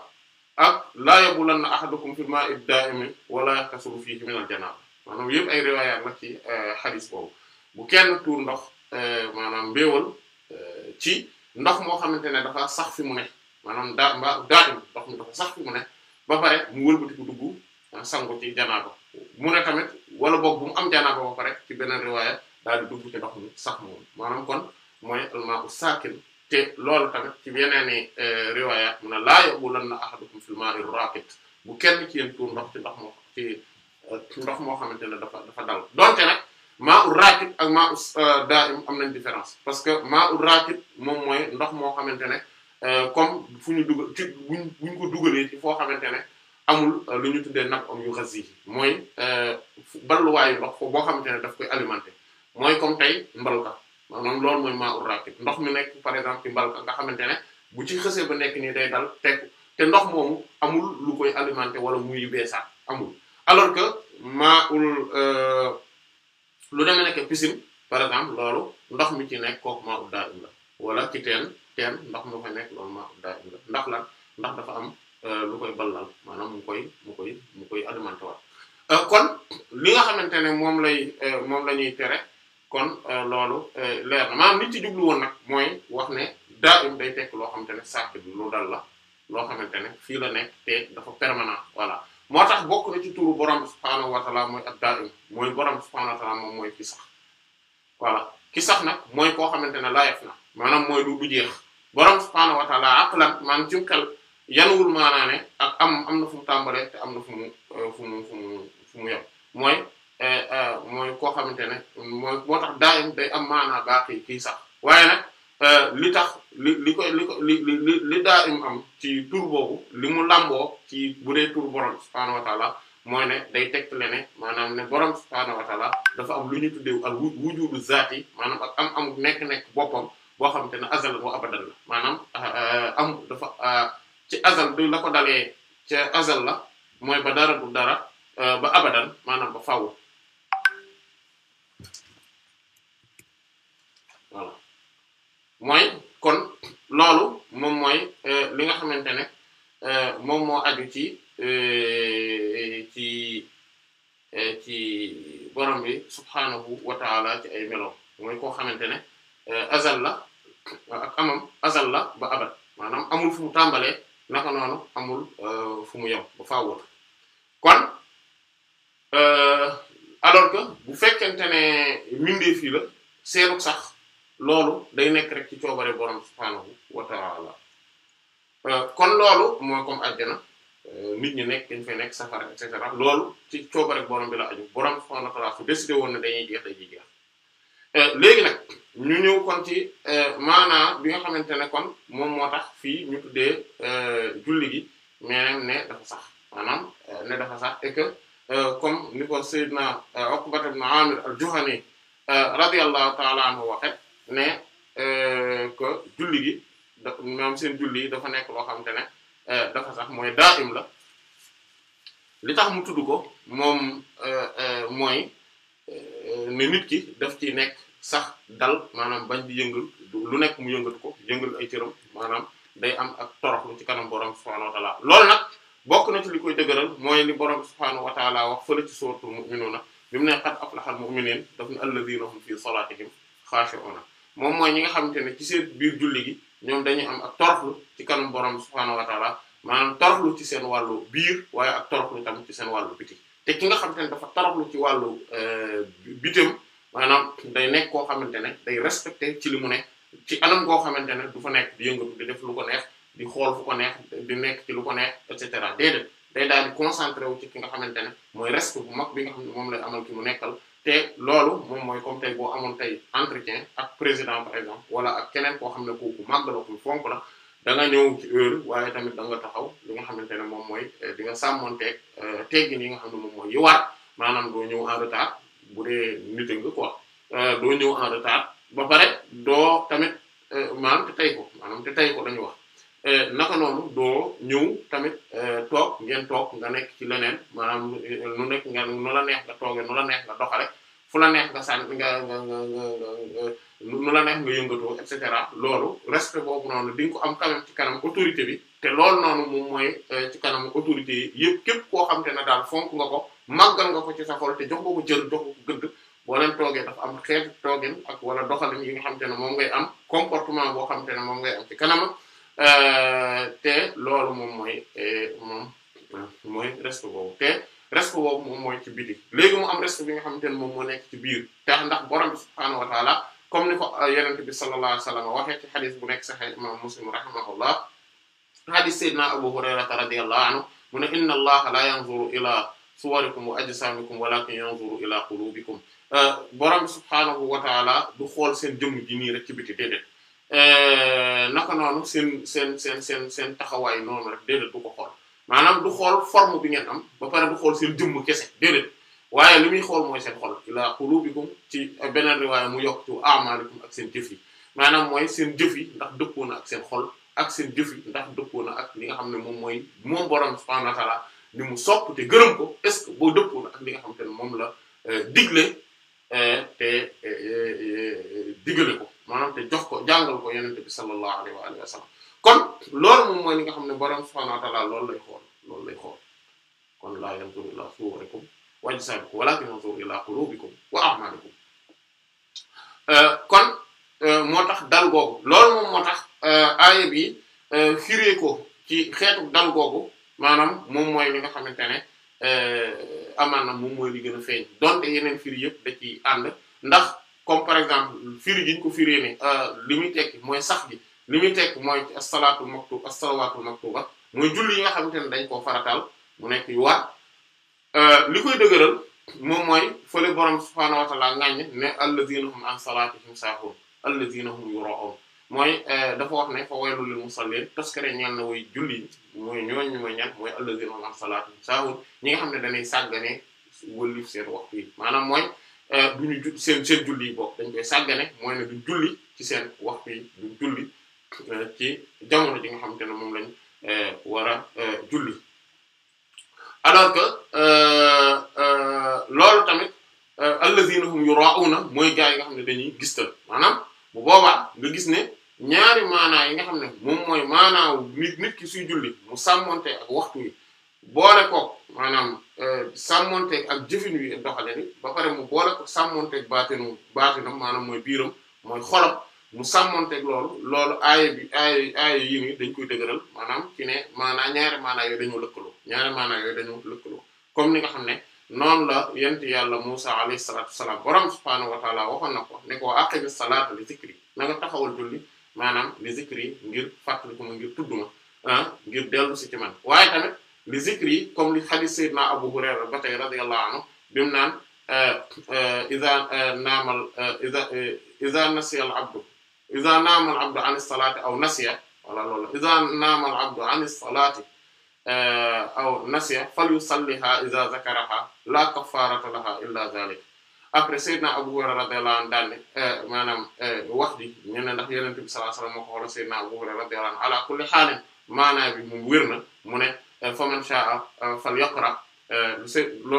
ak laa yabulanna ahadukum fil ma'i da'imi wala yahtasilu fihi min al janaaba maanaam yëpp ay riwaayaat la ci euh, xadis boobu bu kenn tuur ndox euh, maanaam mbéewal euh, ci ndox moo xamante ne dafa sax fi ne maanaam daa mbaa daajam ndox mi sax fi mu ne ba pare mu wëlbatiku dugg sangu ci janaaba mu ne tamit wala boog bu am janaaba ba pare ci beneen riwaaya daal di dugg ci ndox mi sax moom maanaam kon mooy te loolu tamit ci yeneen i riwaaya mu ne laa ya'bulanna ahadukum fil maa'i raakit bu kenn ci yéen tuur ndox ci ndox moo ndox moo xamante ne dafa dafa dal donte nag maa ul raakit ak maa ul euh, daa'im am nañ différence parce que maa ul raakit moom mooy ndox moo xamante ne euh, comme fu ñu dugal ci buñ ko dugalee ci xamante ne amul euh, lu ñu tuddee nag am yu xas yi mooy balluwaayu ndox boo xamante ne daf koy alimenter mooy comme tey mbalka maanaam loolu mooy maa ul raakit ndox mi nekk par exemple ci mbalka nga xamante ne bu ci xësee ba nekk nii day dal teg te ndox moomu amul lu koy alimenter wala muy beesaat amul. alors que ma ul euh, lu demee nekk piscine par exemple loolu ndox mi ci nekk kooku maa ul daa im la wala ci teen teen ndox mi fa nekk loolu maa ul daa im la ndax la ndax dafa am euh, lu koy ballal maanaam mu koy mu mu koy alimenté euh, kon li nga xamante ne moom lay moom la ñuy tere kon loolu leer na maanaam liñ ci jublu woon nag mooy wax ne daa im day tekk loo xamante ne saak bi lu dal la loo xamante ne fii la nekk te dafa permanent voilà moo tax bokk na ci turu borom subhaanahu wa mooy ad-da'im mooy borom subhaanahu wa moom mooy ki sax voilà ki sax nag mooy koo xamante ne laa yafna maanaam mooy du du jeex borom subhaanahu wa ta'ala aqlan maanaam ci xel yanuwul maanaa ne ak am am na fu mu tàmbalee am na fu mu euh, fu mu fu mu fu mu yem mooy euh, euh, mooy koo xamante ne am maanaa baax yi kii sax waaye nag. Euh, li tax li li koy li li li li daa am ci tur boobu li mu làmboo ci bu dee tur borom subhaanahu wa mooy ne day tegtale ne maanaam ne borom subhaanahu wa taala dafa am lu ñu tuddee ak wujudu zaati maanaam ak am nekk-nekk boppam boo xam te ne azal wa abadan la maanaam euh, am dafa euh, ci asal du lako ko dalee ca azal la mooy ba dara bu dara ba abadan maanaam ba faaw. mooy kon loolu moom mooy euh, li nga xamante ne euh, moom moo aju ci euh, ci ci borom bi subhaanahu wa ci ay melo mooy koo xamante ne azal la ak amam azal la ba abad maanaam amul fu mu tàmbalee naka coobare borom subhaanahu wa ta'ala euh, kon loolu moo comme àjjana euh, nit ñi nekk dañ fay nekk safara et loolu ci coobare borom bi la aju borom subhaanahu wa ta'ala su décidé woon ne dañuy jeex dañuy jeex euh, léegi nag ñu ñëw kon ci maanaa bi nga xamante ne kon moom moo tax fii ñu tuddee julli gi mais ne dafa sax maanaam ne dafa sax et comme ni ko Seydina Uqbat Amir al-Juhani radiyallahu ta'ala anhu ne que julli gi da seen julli dafa nekk loo xamante ne eh, dafa sax mooy daa'im la li tax mu tudd ko moom eh, eh, mooy ne nit ki daf ci nekk sax dal maanaam bañ di yëngal lu nekk mu yëngat ko yëngal ay cëram maanaam day am ak toroxlu ci kanam borom subhaanahu wa taala nag bokk na ci li koy dëgëral mooy li borom subhaanahu wa taala wax fële ci sóortu mu'minuuna bi mu ne qad aflaha al-mu'minuun daf ne alladhiina hum fii salaatihim xaashi'uun moom mooy ñi nga xamante ne ci seen biir julli gi ñoom dañuy am ak torxlu ci kanam borom subhaanahu wa taala maanaam torxlu ci seen wàllu biir waaye ak torxlu tamit ci seen wàllu biti te ki nga xamante ne dafa torxlu ci wàllu euh, bitam maanaam day nekk koo xamante ne day respecté ci li mu nekk ci anam goo xamante ne du fa nekk di yëngatu di def lu ko neex di xool fu ko neex di nekk ci lu ko neex et cetera déedéet day daal di concentré wu ci ki nga xamante ne mooy respect bu mag bi moom lay amal mu nekkal te loolu moom mooy comme tey boo amoon tey entretien ak président par exemple wala ak keneen koo xam ne kooku màgg la ku fonk la da nga ñëw heure waaye tamit da nga taxaw li nga xamante ne moom mooy euh, di nga sàmmonteeg euh, teggin yi nga xam ne moom mooy yiwaat maanaam doo ñëw en retard bu dee nit nga quoi euh, doo ñëw en retard ba pare doo tamit maanaam te tey ko maanaam te tey ko dañu wax naka noonu doo ñëw ngeen toog nga nekk ci leneen maanaam eh, nu nekk la neex nga tooge nu la neex nga doxale fu la neex nga sànni nga nga nga nu la neex nga yëngatoo et cetera loolu respect boobu noonu di ko am kanam ci kanam autorité bi te loolu noonu moom mooy eh, ci kanam autorité yi yëpp képp koo xam te ne daal fonk nga ko màggal nga ko ci sa xol te jox ko ko jël jox ko gëdd boo leen toogee dafa am xeetu toogin ak wala doxalim yi nga xam te ne moom ngay am comportement boo xam te ne moom ngay am ci kanam eh, te loolu moom mooy moom mooy reste boobu te reste boobu moom mooy ci biti léegi mu am reste bi nga xamante ne moom moo nekk ci biir te ndax borom bi subhaanahu wa ni ko euh, yenente bi sallallahu alayhi wa sallam bu nekk saxih imam muslim rahimahullah xadis sayyidina abu hurayrata radiyallahu anhu mu ne inna allaha la yanzuru ila suwarikum wa ajsamikum walakin yanzuru ila qulubikum euh, borom subhaanahu wa taala du xool seen jëmm ji nii rek ci biti déedéet euh, naka noonu seen seen seen seen seen taxawaay noonu rek déedéet du ko maanaam du xool forme bi ngeen am ba pare du xool seen jëmm kese déedéet waaye li muy xool mooy seen xol ila qulubikum ci beneen riwaaya mu yokk ci amalikum ak seen jëf yi maanaam mooy seen jëf yi ndax dëppoo na ak seen xool ak seen jëf ndax dëppoo na ak li nga xam ne moom mooy moom borom subhanahu wa ni mu sopp te gërëm ko est ce que boo dëppoo ak li nga xam te ne moom la euh, digle euh, te euh, ko maanaam te jox ko jàngal ko yenente bi sallallahu alayhi wa alihi kon loolu moom mooy li nga xam ne borom subhaanahu wa ta'aala loolu lay xool loolu lay xool kon laa yanzuru wa ajsaadikum walaakin yanzuru ilaa quluubikum wa a'maalikum euh, kon euh, moo tax dal googu loolu moom moo euh, bi firee ko ci xeetu dal googu maanaam moom mooy li nga xamante ne amaan na moom mooy li gën a feeñ donte yeneen firi yëpp da ciy ànd ndax comme par exemple firi gi ñu ko firee ne li muy tekki mooy sax gi. li ñu tekk mooy as-salaatu maktub as-salawaatu maktuba mooy julli yi nga xamante ne dañ koo farataal mu nekk yu waat euh, li koy dëgëral moom mooy fële borom subhaanahu wa ta'aala ngaaññe ne allaziina hum an salaatihim saahuun allaziina hum yuraa'uun mooy euh, dafa wax ne fa waylul mu musalliin toskare ñeel na woy julli mooy ñooñu mooy ñan mooy allaziina hum an salaatihim saahuun ñi nga xam ne dañuy sàggane wëlif seen waxtu yi maanaam mooy euh, duñu seen seen julli bo dañ koy sàggane mooy ne du julli ci seen waxtu yi du Euh, ci jamono ji nga xamante ne moom lañ euh, war a euh, julli alors que loolu tamit allazina hum yura'una mooy gaa yi nga xam ne dañuy gistal maanaam bu boobaa nga gis ne ñaari maanaa yi nga xam ne moom mooy maanaa nit nit ki suy julli mu sàmmonte ak waxtu yi boole ko maanaam sàmmonte ak jëfin wi doxale ni ba pare mu boole ko sàmmonte ak maanaam mooy biiram mooy xolam mu sàmmonteeg loolu loolu aaya bi aaya aaya yi dañ koy dëgëral maanaam ci ne maanaam maanaa yooyu dañoo lëkkaloo ñaari maanaa yooyu dañoo lëkkaloo comme ni nga xam ne noon la yent yàlla Musa alayhi salaatu wassalaam borom subhaanahu wa taala waxoon ko na nga taxawal julli maanaam li zikri ngir fàttali ko ma ngir tudd ma ah ngir dellu si ci man waaye tamit li zikri comme li hadith sayyidina Abu Hurayra ba tey radiyallahu anhu bim naan eh, eh, iza eh, naamal iza iza nasiya al abdu iza naama al abdu an as-salaati aw nasiya wala loolu iza naama al abdu an as-salaati eh, aw nasiya falyusalliha iza zakaraha la kaffarata laha illa zalik après Seydina Abu Hurayra radiyallahu anhu daan ne eh, maanaam eh, wax ji ñu ne ndax Yonent bi sallallahu alayhi wasallam moo ko wala Seydina Abu Hurayra radiyallahu anhu ala kulli haalin maanaa bi moom wér na mu ne faman sha'a falyaqra lu se lo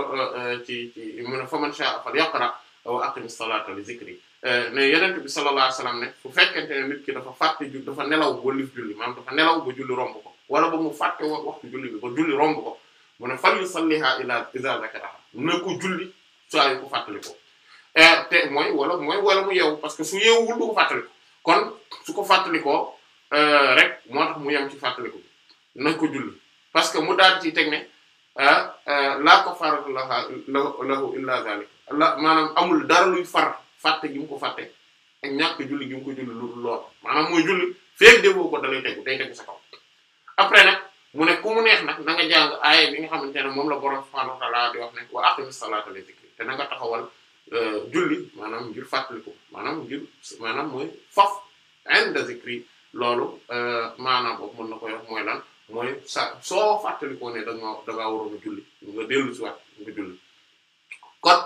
ci ci mu ne faman sha'a falyaqra wa aqim as-salata li zikri ne euh, yenent bi sallallahu alayhi wasallam ne bu fekkente ne nit ki dafa fàtte dafa nelaw ba lif julli maanaam dafa nelaw ba julli romb ko wala ba mu fàtte wa waxtu julli bi ba julli romb ko mu ne fal yusalliha ila iza zakaraha na ko julli saa yu ko fàttali ko euh, te mooy wala mooy wala mu yeewu parce que su yeewul du ko fàttali kon su ko fàttali ko euh, rek moo tax mu yem ci fàttali ko na ko julli parce que mu daal ci teg ne laa kafaarata lahu illa zalik maanaam fàtte gi mu ko fàtte ak ñàkk julli gi mu ko julli lu lool maanaam mooy julli feeg déggoo ko tegu day tegu sa après nag mu nekk ku mu neex nag na nga jàng aaya bi nga xamante ne moom la borom subhaanahu wa ta'aala di wax ne wa aqimi salaata li te nanga nga taxawal euh, julli maanaam ngir fàttaliku maanaam ngir maanaam mooy faf inda zikri loolu euh, maanaam boobu mën na koy wax mooy lan mooy sa soo fàttalikoo ne da nga da ngaa waroon a julli nga dellu si waat nga julli kon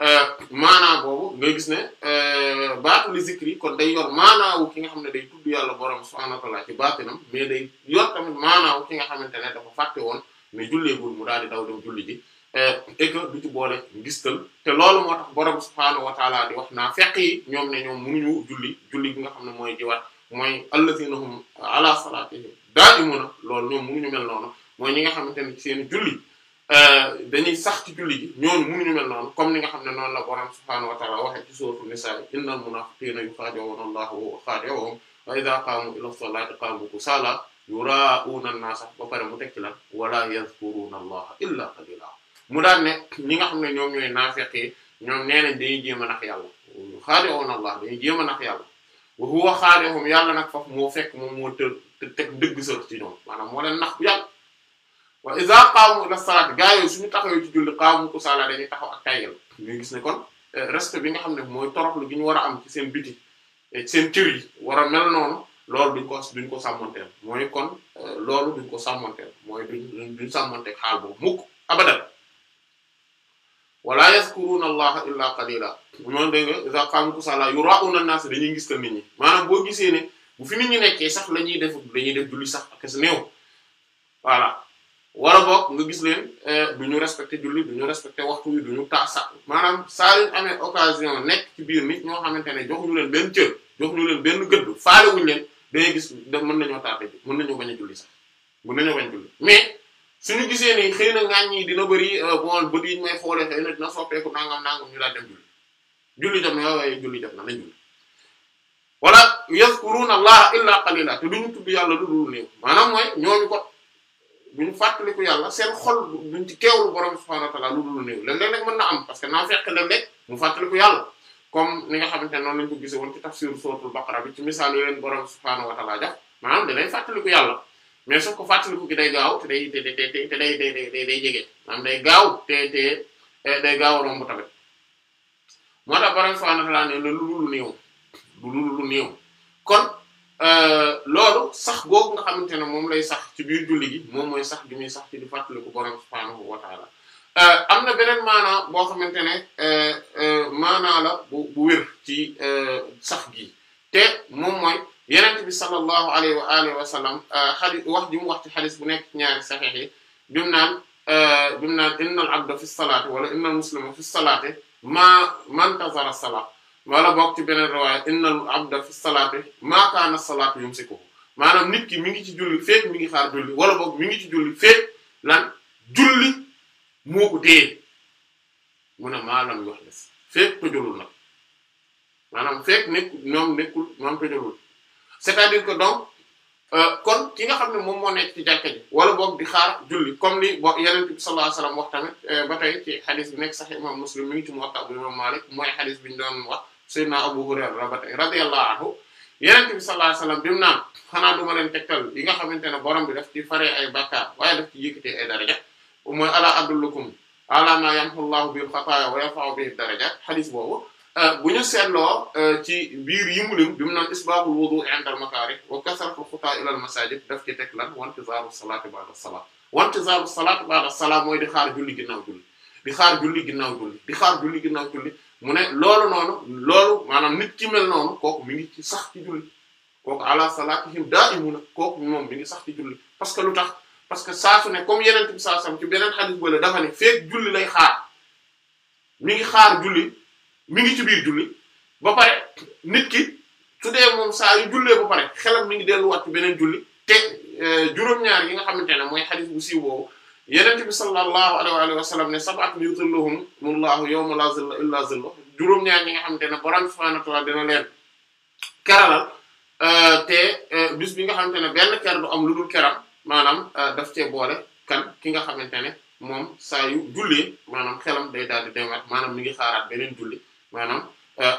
Euh, maanaa boobu ngay gis ne euh, baatu li zikri kon day yor maanaawu ki nga xam ne day tudd yàlla borom subhaanahu wa ta'aala ci baatinam mais day yor tamit maanaawu ki nga xamante ne dafa fàtte woon mais julleegul mu daal di daw dem julli ji euh, et que du ci boole ngistal te loolu moo tax borom subhaanahu wa di wax naa fekk ñoom ne ñoom mënuñu julli julli bi nga xam ne mooy jiwaat mooy allaziina hum ala salaatihim daa'imuuna loolu ñoom ñu mel noonu mooy ñi nga xamante ne seeni julli. Euh, dañuy sax ci julli ji ñooñu mënuñu mel noonu comme ni nga xam ne noon la borom subhaanahu wa ta'aala waxee ci suuratu nisaa innal munaafiqiina yuxaadi'uuna Allaaha wa huwa xaadi'uhum wa idhaa mu teg ci lan wala yazkuruuna Allaaha illaa qaliilaa mu daan ne ñi nga xam ne ñoom ñooy naafeqi ñoom nee nañ dañuy jéem a yàlla xaadi'uuna Allaah a nax yàlla wa huwa xaadi'uhum yàlla moo fekk moom moo teg dëgg sa ci ñoom maanaam moo leen nax bu wa iza qaamu ila salaati gaa yooyu suñu taxawee ci julli qaamu kusaala dañuy taxaw ak ñu gis ne kon eh, respect bi nga xam ne mooy toroxlu gi ñu war a am ci seen biti eh, seen cër yi war a mel noonu loolu duñ ko duñ ko sàmmanteel mooy kon eh, loolu duñ ko sàmmanteel mooy duñ duñ sàmmanteel xaal boobu mukk abadan wala yazkuruna allaha illa qalila moom dégg nga iza qaamu kusaala yura'una an-nas dañuy gis nit ñi maanaam boo gisee ne bu fi nit ñi nekkee sax la ñuy def la ñuy def julli sax ak sa néew voilà wala boog nga gis leen eh, du ñu respecté julli du ñu respecté waxtu wi du ñu tax sax maanaam saa yu amee occasion nekk ci biir nit ñoo xamante ne joxuñu leen benn cër joxuñu leen benn gëdd faale wuñu leen dañuy gis da mën nañoo tardé ji mën nañoo bañ a julli sax mën nañoo bañ mais suñu gisee ni xëy na ngaañ yi dina bëri eh, bon bët yi may xoolee xëy na dina soppeeku nangam nangam ñu daal dem julli julli jot na waaw waaye julli jot na nañ julli wala yazkuruna allaha illa qalila te duñu tudd yàlla lu ko bu fàttaliku yàlla seen xol duñ ci teewlu borom subhaanahu wa ta'aala lu dul néew léeg-léeg mën na am parce que naa fekk léeg-léeg mu fàttaliku yàlla comme ni nga xamante ne noonu lañ ko gise woon ci tafsir suratul baqara bi ci misaal yu leen borom subhaanahu wa ta'aala jox maanaam dinañ fàttaliku yàlla mais soo ko fàttaliku gi day gaaw te day te te te day day day jege maanaam day gaaw te day gaaw romb tamit moo tax borom subhaanahu wa ta'aala ne lu dul lu dul néew kon. Euh, loolu sax googu nga xamante ne moom lay sax ci biir julli gi moom mooy sax di muy sax ci di fàttaliku borom subhaanahu wa taala euh, am na beneen maanaa boo xamante ne euh, maanaa la bu bu wér ci sax gi te moom mooy yenent bi sallallahu alayhi wa alihi wa sallam xadis wax ji mu wax ci xadis bu nekk ñaari saxiix yi bi mu naan bi mu naan inna al abda fi salaati wala inna al muslima fi salaati ma mantazara salaat wala bokk ci beneen riwaaya innal abda fi salaati maa kaana salaatu yumsiku maanaam nit ki mi ngi ci julli feek mi ngi xaar julli wala bokk mi ngi ci julli feek lan julli moo ko dee mu ne maalam yu wax des feek tojolul nag maanaam feek nekk ñoom nekkul ñoom tojolul c'est-à-dire que donc euh, kon ki nga xam ne moom moo nekk ci jàkka ji wala boog di xaar julli comme ni bo yeneen bi sallallahu alayhi wasallam wax tamit euh, ba tey ci xadis bi nekk sax imam muslim mi ngi ci Muwatta bu imam Malik mooy xadis bi ñu doon wax Seydina Abu Hurayra ba tey radiyallahu anhu yonent bi mu naan xanaa du ma yi nga xamante ne borom bi daf ci faree ay bakkaar waaye ala ala ma yamhu Allahu bil xataaya wa yarfa'u bihi daraja xadis boobu euh, bu euh, ci bi mu naan isbaabul wudu'i 'inda al makaarih wa kasratul xutaa ila al masaajid daf ci teg lan wa intizaaru salaati ba'da salaat wa intizaaru salaati salaat mooy di xaar julli ginnaaw julli di xaar julli ginnaaw julli mu ne loolu noonu loolu maanaam nit ki mel noonu kooku mi ngi sax ci julli kooku ala salatihim da'imuna kooku moom mi ngi sax ci julli parce que lu tax parce que saa su ne comme yeneen bi ci beneen hadith boole dafa ne feek julli lay xaar mi ngi xaar julli mi ngi ci biir julli ba pare nit ki su dee moom saa yu jullee ba pare xelam mi ngi delluwaat ci beneen julli te eh, juróom-ñaar yi nga xamante ne mooy hadith bu siiw boobu yeneen bi sallallahu alayhi wa sallam ne sab'atun yuzilluhumullahu yawma la zilla illa zilluh juróom-ñaar ñi nga xamante ne borom subhanahu wa ta'ala dina leen keralal euh, te euh, bis bi nga xamante ne benn ker du am lu dul keram maanaam euh, daf cee boole kan ki nga xamante ne moom saa yu jullee maanaam xelam day daal di demaat maanaam mi ngi xaaraat beneen julli maanaam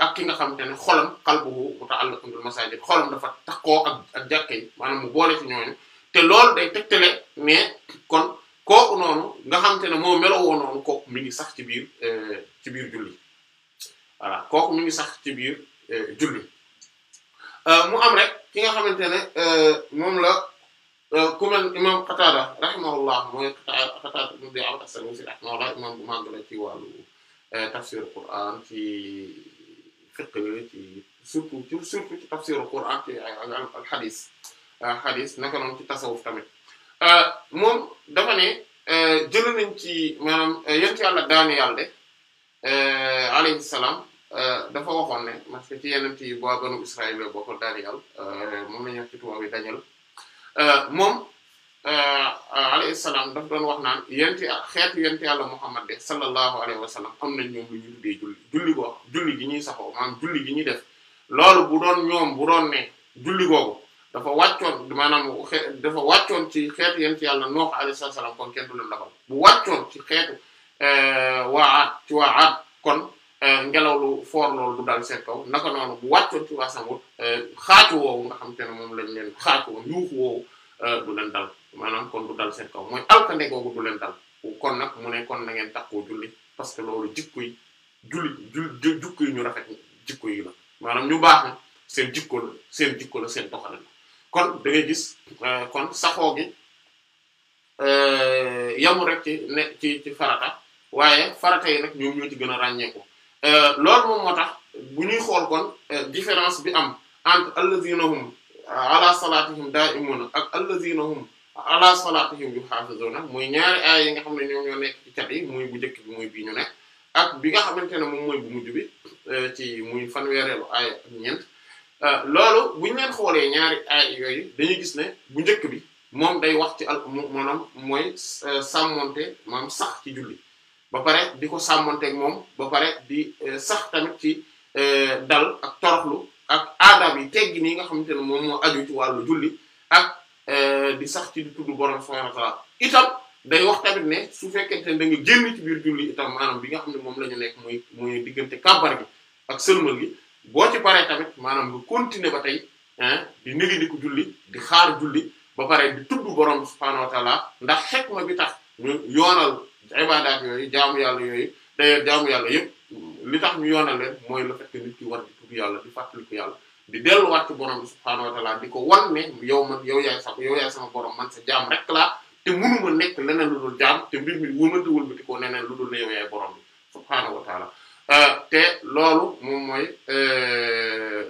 ak ki nga xamante ne xolam qalbuhu muta'alliqun bil masajid xolam dafa takkoo ak ak jàkka yi maanaam mu boole ci ñooñu te loolu day tegtale mais kon kooku noonu nga xam te ne moo melowoo noonu kooku mi ngi sax ci biir ci biir julli kooku mi ngi sax ci biir julli mu am rek ki nga xamante ne moom la ku mel imam Qatada rahimahullah mooy Qatada ibn Di'aamat as-Sanusi rahimahullah imam bu màgg ci wàllu tafsir Qur'an ci fiqh ci surtout ci tafsir Qur'an ci ak al hadith hadith naka ci tasawuf tamit Euh, moom dafa ne euh, jël nañ ci maanaam euh, yent yàlla daanu yàlla de alayhi salaam dafa waxoon ne parce que ci yenent yi boo banu Israël boo ko daanu yàlla moom la ñu wax ci tubaab moom alayhi salaam daf doon wax naan yent xeetu yent yàlla Muhammad de sallallahu alayhi wa sallam am nañ ñoom lu ñu tuddee julli julli boo julli gi ñuy saxoo maanaam julli gi ñuy def loolu bu doon ñoom bu doon ne julli googu dafa wàccoon maanaam dafa wàccoon ci xeetu yent yàlla noox alayhi salaam kon kenn du leen labal bu wàccoon ci xeetu euh, waa aat ci waa aat kon euh, ngelaw lu foor loolu du dal seen kaw naka noonu bu wàccoon ci waa samut euh, xaatu woowu nga xam te moom lañ leen xaatu woowu yuuxu woowu du leen dal maanaam kon du dal seen kaw mooy alkande googu du leen dal kon nag mu ne kon na ngeen takkoo julli parce que loolu jikko yi julli jul ñu rafet jikko yi la maanaam ñu baax na seen jikko la seen jikko la seen doxalin kon da gis euh, kon saxoo gi euh, yamul rek ci ci ci farata waaye farata yi nag ñoom ñoo ci gën a ràññeeku euh, loolu moom moo tax bu ñuy xool kon différence bi am entre allazina hum ala salatihim da'imuna ak allazina hum ala salatihim yuhafizuna muy ñaari aay yi nga xam ne ñoom ñoo nekk ci cat yi muy bu njëkk bi muy bii ñu nekk ak bi nga xamante ne moom mooy bu mujj bi ci muy fanweereelu aay ñeent Euh, loolu buñ leen xoolee ñaari ay yooyu dañuy gis ne bu njëkk bi moom day wax ci al maanaam mooy euh, sàmmonte maanaam sax ci julli ba pare di ko sàmmonteeg moom ba pare di euh, sax tamit ci dal ak toroxlu ak aadab yi teggi nii nga xamante ne moom moo aju wàllu julli ak di sax ci di tudd borom subhanahu wa ta'ala wax tamit ne ne da nga ci biir julli itam maanaam bi nga xam ne moom la ñu nekk muy muy diggante kàbbar gi ak sëlmal bi boo ci paree tamit maanaam nga continuer ba tey di négandiku julli di xaar julli ba pare di tudd borom subhaanahu wa taala ndax xekma bi tax ñu yoonal ibaadaat yooyu jaamu yàlla yooyu d'ailleurs yàlla yëpp li tax ñu yoonal leen mooy la fait que nit ki war di tudd yàlla di fàttaliku yàlla di delluwaat ci borom subhaanahu wa taala di ko wan ne yow yow yaay sax yow yaay sama borom man sa jaam rek laa te mënuma nekk leneen lu dul jaam te mbir mi wëmantiwul bi di ko neneen lu dul ne yow yaay borom bi subhaanahu wa Euh, te loolu moom mooy euh,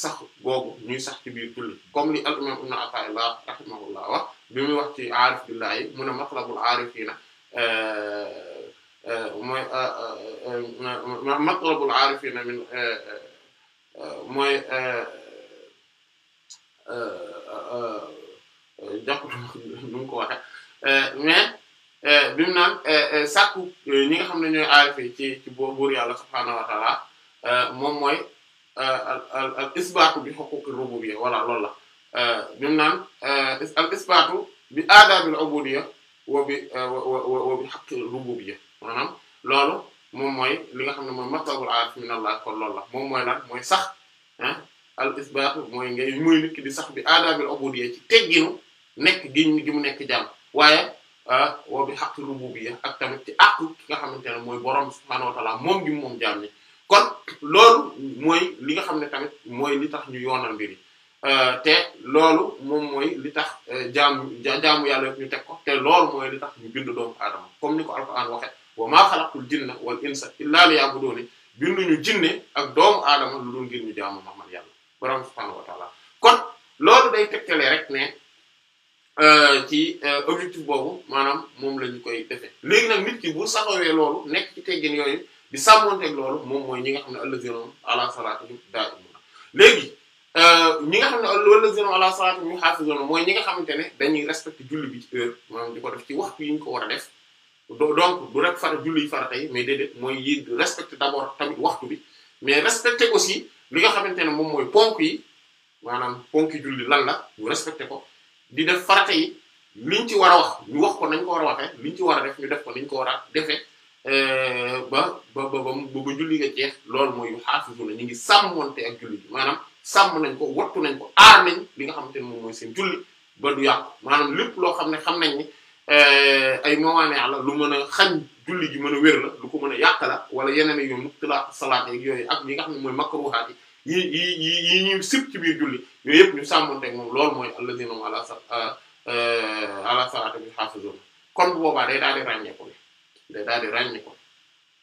sax googu ñuy sax ci biir julli comme li al imam ibn Ata'illah rahimahullah wax bi muy wax ci aarif billahi yi mu ne matlabul aarifina euh, mooy matlabul aarifina min mooy jàpp nu mu ko waxe mais Eh, bi mu naan eh, eh, sàkku ñi nga xam ne ñooy aarif yi ci boobu boo buur yàlla subhaanahu wa moom mooy al isbaatu bi huquuqi rububiyya voilà loolu la bi mu naan al isbaatu bi aadaabil ubudiyya wa bi bi haqqi rububiyya maanaam loolu moom mooy li nga xam ne mooy matlabul aarif min Allah kon loolu la moom mooy lan mooy sax al isbaatu mooy ngay muy nit di sax bi aadaabil ubudiyya ci tegginu nekk gi gi mu nekk jàmm waaye Ah, wa bi haqqi rububiyya ak tamit ci àqu ki nga xamante ne mooy borom subhaanahu wa moom gi moom jaam ni kon loolu mooy li nga xam ne mooy li tax ñu yoonal mbir yi euh, te loolu moom mooy li tax euh, jaamu jaamu yàlla ñu teg ko te loolu mooy li tax ñu bind doomu aadama comme ni ko alquran waxe wa maa xalaqtul na wal insa illaa liya'buduuni binduñu jinne ak doomu aadama lu dul ngir ñu jaamu ma man yàlla borom subhaanahu wa ta'aala kon loolu day tegtale rek Euh, ci euh, objectif boobu maanaam moom la ñu koy defee léegi nag nit ki bu saxawee loolu nekk ci teggin yooyu di sàmmonteeg loolu moom mooy ñi nga xam ne allazina ala salatihim da'imuna léegi euh, ñi nga xam ne allazina ala salatihim hafizuna mooy ñi nga xamante ne dañuy respecté julli bi ci heure maanaam di ko def ci waxtu yi ñu ko war a def donc du rek fara julli yi fara tey mais mooy yi respecté d'abord tamit waxtu bi mais respecté aussi li nga xamante ne moom mooy ponk yi maanaam ponk julli lan la ñu respecté ko di def farata yi liñ ci war a wax ñu wax ko nañ ko war a waxee liñ ci war a def ñu def ko niñ ko war a defee euh, ba ba ba ba julli nga jeex loolu mooy yu xaafisu ñu ngi sàmmonte ak julli bi maanaam sàmm nañ ko wattu nañ ko aar nañ li nga xamante ne moom mooy seen julli ba du yàqu maanaam lépp loo xam ne xam nañ ni euh, ay a yàlla lu mën a xañ julli ji mën a wér la lu ko mën a yàq la wala yeneen yoon nuktila salaat yi yooyu ak li nga xam ne mooy makruhaat yi yi yi yi yi ñuy sib ci biir julli yooyu yëpp ñu sàmmonteeg moom lool mooy alladina ala sa ala salaati bi hafizun kon bu boobaa day daal di ràññeeku daal di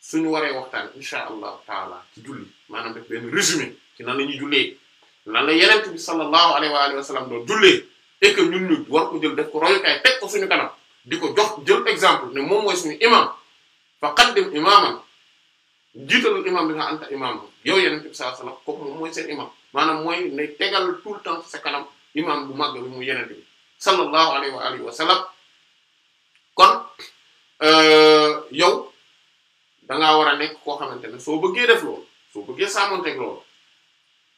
suñu waree waxtaan insha allahu taala ci julli maanaam def benn résumé ci nan la ñuy jullee lan la yenent bi sallallahu alayhi wa alihi wa sallam doon jullee et ko jël def ko royukaay teg ko suñu kanam di ko jox jël exemple ne moom mooy suñu imam fa qaddim imaman jiitalul imam bi yow yenente bi sallallahu alayhi wasallam moom mooy seen imam maanaam mooy ne tegal tout le temps sa kanam imam bu mag bi mu yenente bi sallallahu alayhi wa alihi wa sallam kon euh, yow dangaa war koo xamante ne soo bëggee def loolu soo bëggee sàmmonteeg loolu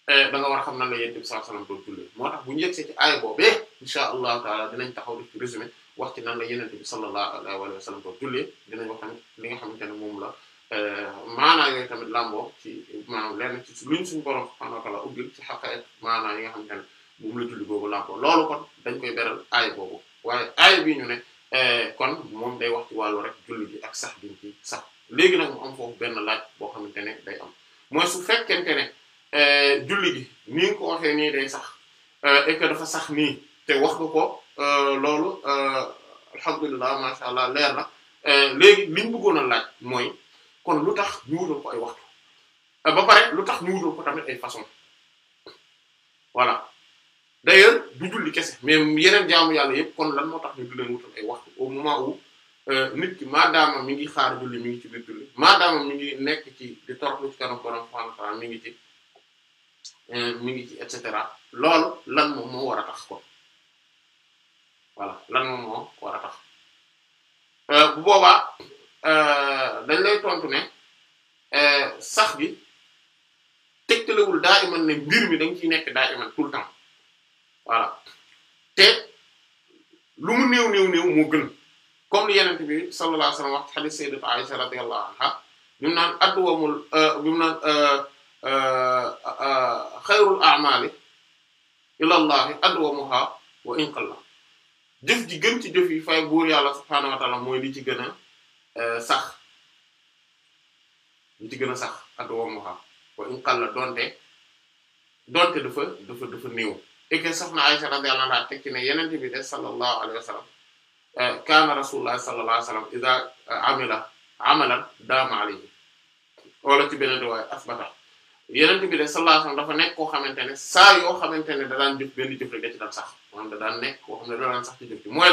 eh, da xam nan la yenente bi sallallahu alayhi wasallam doon jullee moo tax bu ñu yegsee ci aaya boobee eh, insha allahu taala dinañ taxaw def ci résumé wax ci nan la yenente bi sallallahu alayhi wa sallam doon jullee dinañ wax tamit li nga xamante ne moom la Euh, maanaa yooyu tamit làmbo ci maanaam lenn ci luñ suñu borom a wa ta'aala ubbil ci xaqaa'iq maanaa yi nga xamante ne moom la julli boobu lamboo loolu kon dañ koy beral aay boobu waaye aay bi ñu ne euh, kon moom day wax ci wàllu rek julli bi ak sax biñ ci sax léegi nag mu am foofu benn laaj boo xamante ne day am mooy su fekkente ne euh, julli gi ni nga ko waxee nii sax et que dafa sax ni te wax nga ko loolu alhamdulilah macha allah leer na léegi liñ bëggoon a laaj mooy. kon lu tax ñu wutal ko ay waxtu euh, ba pare lu tax ñu wutal ko tamit ay façon voilà d'ailleurs du julli kese mais yeneen jaamu yàlla yëpp kon lan moo tax ñu di leen wutal ay waxtu au moment où euh, nit ki maadaama mi ngi xaar julli mi ngi ci biir julli maadaama mi ngi nekk ci di toroxlu ci kanam borom subhanahu wa ta'ala mi ngi ci euh, mi ngi ci et cetera loolu lan moom war a tax Euh, dañ lay tontu ne euh, sax bi tegtalewul daa iman ne mbir mi dañ ciy nekk daa iman temps voilà te lu mu néew néew néew moo gën comme li yenent bi sallallahu wax ci hadith sayyidati Aisha radiyallahu anha bi mu naan adwamul euh, bi mu naan xayrul a'mali ila llahi adwamuha wa inqalla jëf ji gën ci jëf yi fay buur yàlla subhaanahu wa ta'ala mooy li ci gën a Eh, sax lu ci gën a sax ak wom waxam wa in qalla donte donte dafa dafa dafa néew et que soxna Aisha radiyallahu anha teg ci ne yenente bi de sallallahu alayhi wa sallam eh, kaana rasulullah sallallahu alayhi wa sallam idha eh, amila amalan daama alayhi wala ci beneen riwaaya asbata yenente bi de sallallahu alayhi wa sallam dafa nekk koo xamante ne saa yoo xamante ne da sax maanaam da daan nekk koo xam sax ci jëf ci mooy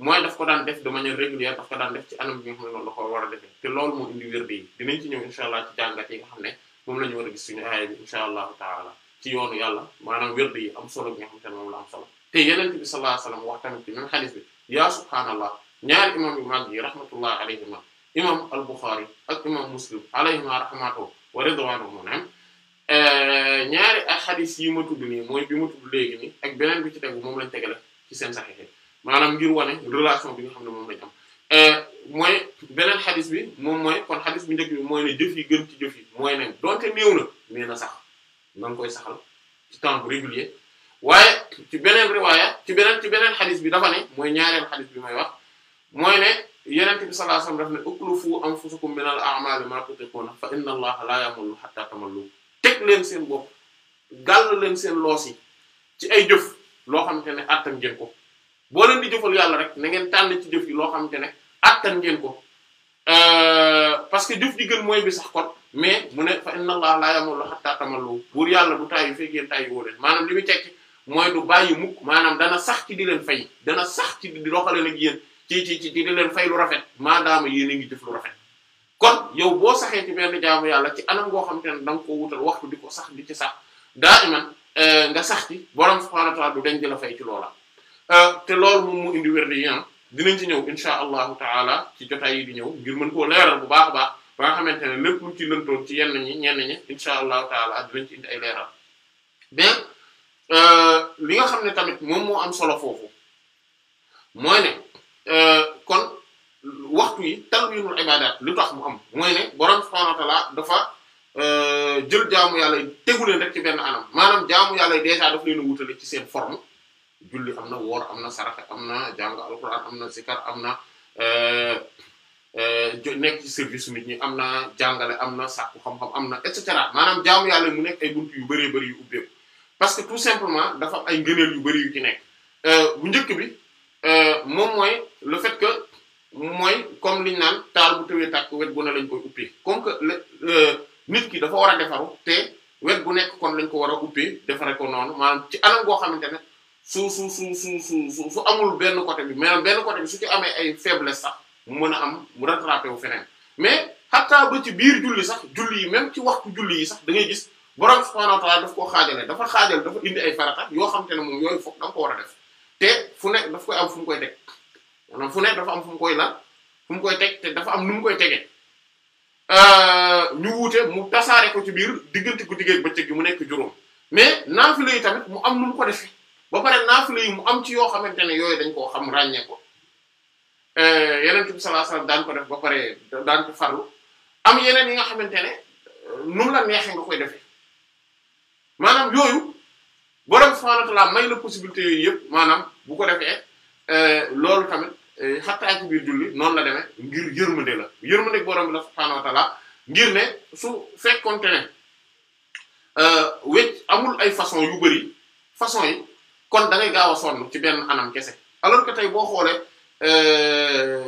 mooy daf ko daan def de manière régulière daf ko daan def ci anam bi nga xam ne noonu ko war a defee te loolu moo indi wérde yi dinañ ci ñëw incha allah ci jàngat yi nga xam ne moom la ñu war a gis suñu aaya bi incha allahu taala ci yoonu yàlla maanaam wérde yi am solo bi nga xam te moom la am solo te yeneen bi sallallahu alayhi wasallam wax tamit ci même hadith bi yaa subhaanallah ñaari imam yu mag rahmatullah alayhima imam al-Bukhari ak imam Muslim alayhima rahmatuhu wa ridwanuhum naam eh, ñaari hadith yi ma tudd ma tudd léegi nii ak beneen bi ci tegu moom ci seen saxiix maanaam ngir wane relation bi nga xam ne moom lañ am euh, mooy beneen xadis bi moom mooy kon bi mooy ne jëf yi gën ci jëf yi mooy ne donte néew na nee sax na nga koy saxal ci temps bu waaye ci beneen riwaaya ci beneen ci beneen xadis bi dafa ne mooy ñaareel xadis bi may wax mooy ne yeneen bi sallallahu alayhi wasallam daf ne uklufu anfusakum min al a'mali ma tutiquna fa inna allaha la yamullu hatta tamallu teg leen seen bopp gàll leen seen loos yi ci ay jëf loo xamante ne attan ngeen ko boo leen di jëfal yàlla rek na ngeen tànn ci jëf yi loo xamante ne attan ngeen ko euh, parce que jëf di gën mooy bi sax kon mais mu ne fa inna allah laa yamallu hatta tamallu buur yàlla du taay yu fekk ngeen taay yu leen maanaam li muy tekki mooy du bàyyi mukk maanaam dana sax ci di leen fay dana sax ci di doxaleen ak yéen ci ci ci di leen fay lu rafet maadaama yéen a ngi jëf lu rafet kon yow boo saxee ci benn jaamu yàlla ci anam goo xamante ne da nga ko wutal waxtu di ko sax di ci sax daa iman euh, nga sax ci borom subhaanahu wa ta'aala du denc la fay ci loola Ah, te loolu moom moo indi wérde yi ah dinañ ci ñëw insha allahu taala ci jotaay yi di ñëw ngir mën koo leeral bu baax a baax ba nga xamante ne lépp lu ci lëntoon ci yenn ñi ñenn ñi insha allahu taala dinañ ci indi ay leeral mais euh, li nga xam ne tamit moom moo am solo foofu mooy ne euh, kon waxtu yi talwinul ibadat lu tax mu am mooy ne borom subhanahu wa ta'ala dafa euh, jël jaamu yàlla tegu leen rek ci benn anam maanaam jaamu yàlla déjà daf leen a wutale ci seen forme julli am na woor am na saraka am na jàng alquran am na zikar am na eh, eh, nekk ci service nit ñi am na jàngale am na sàkku xam-xam am na et cetera maanaam jaamu yàlla mu nekk ay buntu yu bëree bëri yu ubbeeku parce que tout simplement dafa ay ngëneel yu bëri yu ki nekk eh, bu njëkk bi moom mooy le fait que mooy comme liñ naan taal bu tëwee tàkk wet bu ne lañ koy uppee comme que nit ki dafa war a defaru te wet nekk kon lañ ko war a uppee defare ko noonu maanaam ci anam boo xamante ne su su su su su su su amul benn côté bi mais benn côté bi su ci amee ay faiblesse sax mu mën a am mu rattrapé wu feneen mais xataa ba ci biir julli sax julli yi même ci waxtu julli yi sax da ngay gis borom subhanahu wa ta'ala daf koo xaajale dafa xaajal dafa indi ay farata yoo xam te ne moom yooyu foog da nga ko war a def te fu ne daf koy am fu mu koy teg maanaam fu ne dafa am fu mu koy la fu mu koy teg te dafa am nu mu koy tegee euh, ñu wuute mu tasaare ko ci biir diggante guddi ak bëccëg gi mu nekk juróom mais naafila yi tamit mu am nu mu ko defee. ba pare naafila yi mu am ci yoo xamante ne yooyu dañ koo xam ràññee ko eh, yeneen bi sallallahu alayhi daan ko def ba pare daan ko farlu am yeneen yi nga xamante ne eh, nu mu la neexee nga koy defee maanaam yooyu borom subhaanahu wa ta'aala may la possibilité yooyu yëpp maanaam bu ko defee eh, loolu tamit xataa ci biir julli noonu la deme ngir yërmande la yërmande borom bi la subhaanahu wa ngir ne su fekkonte ne wecc amul ay façon yu bëri façon yi. kon da gaaw a sonn ci benn anam kese alors que tey boo xoolee euh,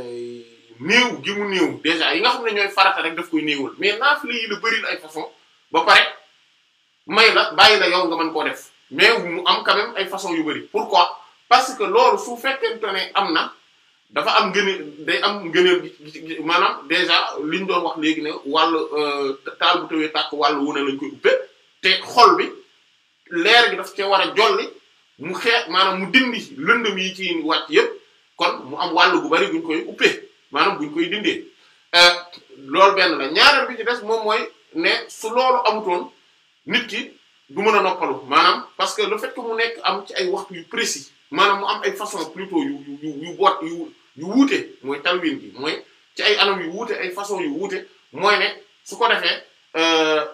néew gi mu néew déjà yi nga xam ne ñooy farata rek daf koy néewal mais naafila yi la bëri ay façon ba pare may la bàyyi la yow nga mën koo def mais mu am quand ay façon yu bëri pourquoi parce que loolu su fekkente ne am na dafa am gëneel day am ngëneel gi maanaam déjà li ñu doon wax léegi ne wàll euh, taal bu tawee tàkk wu ne lañ koy ubbee te xol bi leer gi daf cee war a jolli mu xeex maanaam mu dindi lëndëm yi ci wàcc yëpp kon mu am wàll gu bari ñu koy uppee maanaam buñ koy dindee euh, loolu benn la ñaareel bi ci des moom mooy ne su loolu amutoon nit ki du mën a noppalu maanaam parce que lu fait que mu nekk am ci ay waxtu yu précis maanaam mu am ay façon plutôt yu yu yu boot yu yu wuute mooy talwin gi mooy ci ay anam yu wuute ay façon yu wuute mooy ne su ko defee Euh,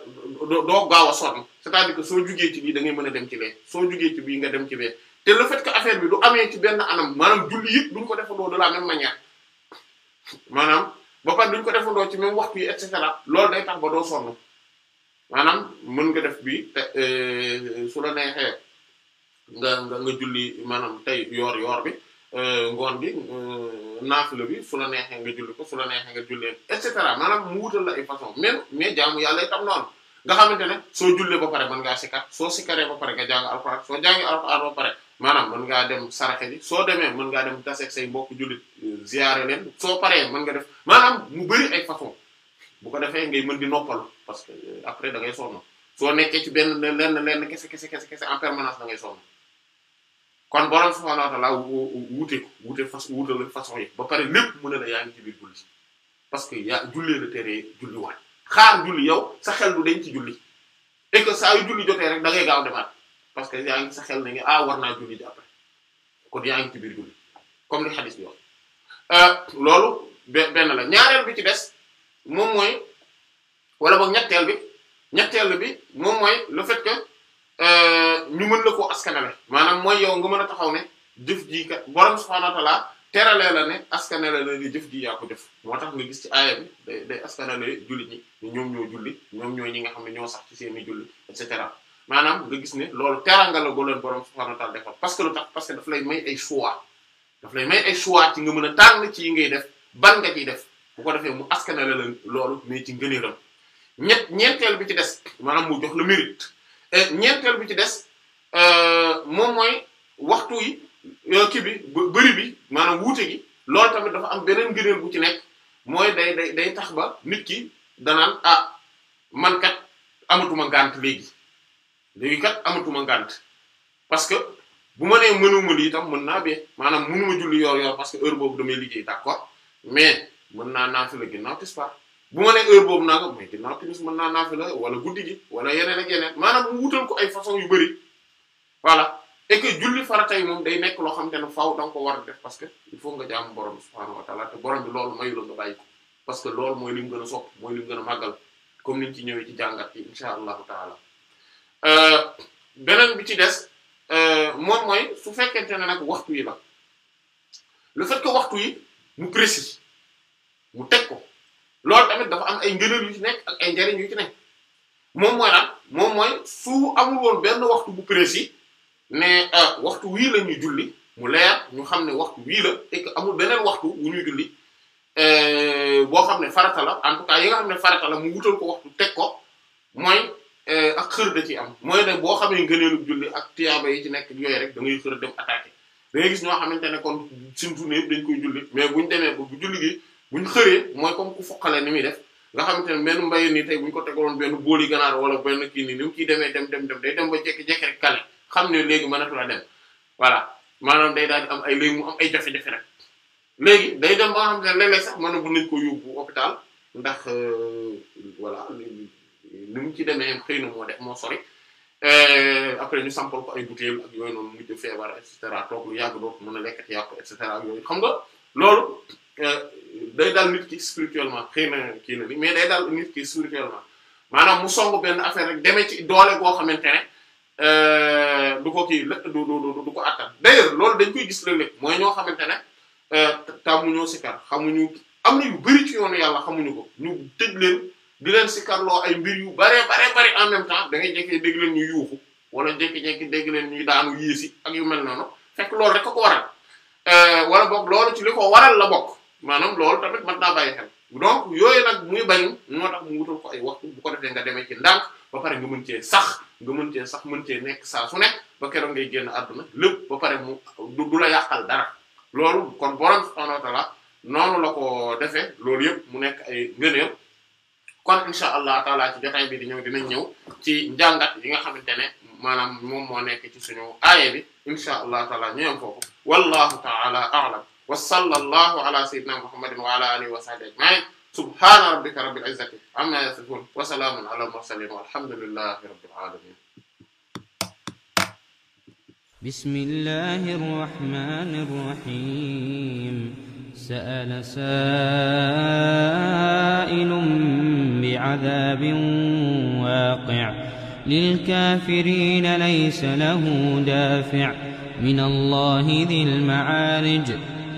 doo gaaw a sonn c'est-à-dire soo jugee ci bii da ngay mën a dem ci lee soo jugee ci bii nga dem ci bee te le fait affaire bi du amee ci benn anam maanaam julli yëpp duñ ko defandoo de la même manière maanaam ba pare duñ ko defandoo ci même wax yi et cetera loolu day tax ba doo sonn maanaam mën nga def bi te euh, su la neexee nga nga nga julli maanaam tey yoor yoor bi Euh, ngoon bi euh, naafila bi fu la neexee nga julli ko fu nga jullee et cetera maanaam mu wutal la ay façon même mais jaamu yàlla itam noonu nga xamante ne soo jullee ba pare mën ngaa sikar soo sikaree ba pare nga jàng alxuraan soo jàngi alxuraan ba pare maanaam mën ngaa dem say mbokk jullit euh, ziyaare leen soo paree mën nga def maanaam mu bari ay façon bu ko defee ngay mën di noppalu parce que après da ngay sonn soo nekkee ci benn lenn lenn kese kese kese en permanence da ngay kon borom subhaanahu wa ta'aala wuute ko wuute façon wuute façon yi ba pare lépp mu ne la yaa ngi ci biir julli parce que yaa jullee la tere julli waay xaar julli yow sa xel du dañ ci julli et que saa yu julli jotee rek da ngay gaaw demaat parce que yaa ngi sa xel na nga ah war naa yaa ngi ci biir julli comme li xadis bi euh, loolu benn la ñaareel bi ci des moom mooy wala boog ñetteel bi ñetteel bi moom mooy le fait Euh, ñu mën na ko askanale maanaam mooy yow nga mën a taxaw ne jëf jii kat borom subhaanahu wa ta'ala teralee la ne askanale la ne jëf ji yaa ko jëf moo tax nga gis ci aaya bi day day askanale jullit ñi ñoom ñoo julli ñoom ñi nga xam ne ñoo sax ci seeni julli et cetera maanaam nga gis ne loolu teranga la leen borom subhaanahu wa ta'ala defal parce que lu tax parce que daf lay may ay choix daf lay may ay choix ci nga mën a tànn ci yi def ban nga ciy def bu ko defee mu askanale la loolu mais ci ngëneelam ñett ñeenteel bi ci des maanaam mu jox la mérite Euh, ñeenteel bu ci des euh, moom mooy waxtu yi euh, kii bi bëri bi maanaam wuute gi loolu tamit dafa am beneen ngëneel bu ci nekk mooy day day day tax ba nit ki danaan a ah, man kat amatuma ngànt léegi léegi kat amatuma ngànt parce que bu ma nee mënuma lii tam mën naa bee maanaam mënuma julli yor yor parce que heure boobu damay liggéey d'accord mais mën naa naa fi la ginnaaw bu ma ne heure boobu naa ko mais dinaa timis mën naa naafila wala guddi gi wala yeneen ak yeneen maanaam mu wutal ko ay façon yu bëri voilà et que julli farata yi moom day nekk loo xamante ne faaw da ko war a def parce que il faut nga jaamu borom subhaanahu wa ta'ala te borom loolu mayu la nga bàyyi ko parce que lool mooy li mu gën a sopp mooy li mu gën a màggal comme niñ ci ñëwee ci jàngat yi insha allahu taala euh, beneen bi ci des euh, moom mooy su fekkente ne nag waxtu yi la le fait que waxtu lool tamit dafa am ay ngëneel yu ci nekk ak ay njariñ yu ci nekk moom mooy lan moom mooy su amul woon benn waxtu bu précis ne euh, waxtu wii la ñuy julli mu leer ñu xam ne waxtu wii la et amul beneen waxtu wu ñuy julli euh, boo xam ne farata la en tout cas yi nga xam ne farata la mu wutal ko waxtu teg ko mooy euh, ak xër da ciy am mooy ne boo xam ne ngëneelu julli ak tiyaaba yi ci nekk yooyu rek da ngay xër dem attaqué da ngay gis ñoo xamante ne kon suñu journée dañ koy julli mais buñ demee ba julli gi bu ñu xëree mooy comme ku foqale ni muy def nga xamante ne benn mbay nii tey buñ ko tegaloon benn booli ganaar wala benn kii nii ni mu ciy demee dem dem dem day dem ba jékki-jékki rek xam ne léegi mënatu la dem voilà maanaam day daal am ay léegi ay jafe léegi day dem ba nga xamante ne léeg sax mën na bu nañ ko yóbbu hôpital ndax euh, voilà li mu ci demee xëy na moo def moo sori euh, après ñu sampal ko ay butéel ak yooyu noonu mujj feebar et toog lu yàgg doo ko mën a lekk ci yàpp et cetera yooyu xam nga loolu Euh, day daal nit ki spirituellement xëy na kii na bi mais day daal nit kii spirituellement maanaam mu song benn affaire rek deme ci doole goo xamante ne euh, du ko kii du du du ko attan d'ailleurs loolu dañ koy gis léeg mooy ñoo xamante ne euh, tàmmuñoo sikar xamuñu am na yu bari ci yoonu yàlla xamuñu ko ñu tëj leen di leen sikarloo ay mbir yu bare bare bare en même temps da ngay jékki dégg leen ñu yuuxu wala jékki-jékki dégg leen ñuy daanu yéesi ak yu mel noonu loolu rek ko waral wala boog loolu ci li ko la bokk. maanaam loolu tamit man naa bàyyi xel donc yooyu nag muy bañ moo tax mu wutal ko ay waxtu bu ko defee nga demee ci ndànk ba pare nga mën cee sax nga mën cee sax mën cee nekk saa su nekk ba keroog ngay génn àdduna lépp ba pare mu du la yàqal dara loolu kon borom subhaanahu wa noonu la ko defee loolu yëpp mu nekk ay ngëneel kon insha allah taala ci jotaay bi di ñëw dinañ ñëw ci njàngat yi nga xamante ne maanaam moom moo nekk ci suñu aaye bi insha allah taala ñu yem foofu wa sallallahu ala sayyidina muhammadin wa ala alihi wa sahbihi ajma'in subhana rabbika rabbil izzati amma yasifun wa salamun ala mursalin walhamdulillahi rabbil alamin bismillahir rahmanir rahim sa'ala sa'ilun bi'adhabin waqi' للكافرين ليس له دافع من الله ذي المعارج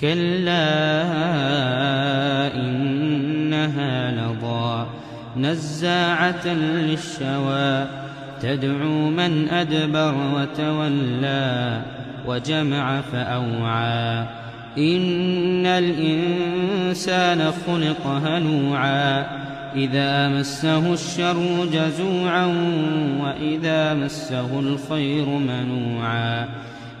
كلا إنها لضا نزاعة للشوى تدعو من أدبر وتولى وجمع فأوعى إن الإنسان خلق هلوعا إذا مسه الشر جزوعا وإذا مسه الخير منوعا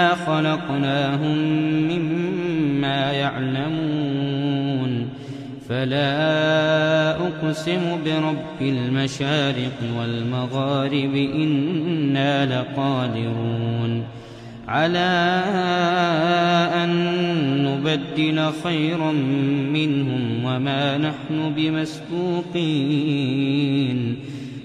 إِنَّا خَلَقْنَاهُمْ مِمَّا يَعْلَمُونَ فَلَا أُقْسِمُ بِرَبِّ الْمَشَارِقِ وَالْمَغَارِبِ إِنَّا لَقَادِرُونَ على أن نبدل خيرا منهم وما نحن بمسبوقين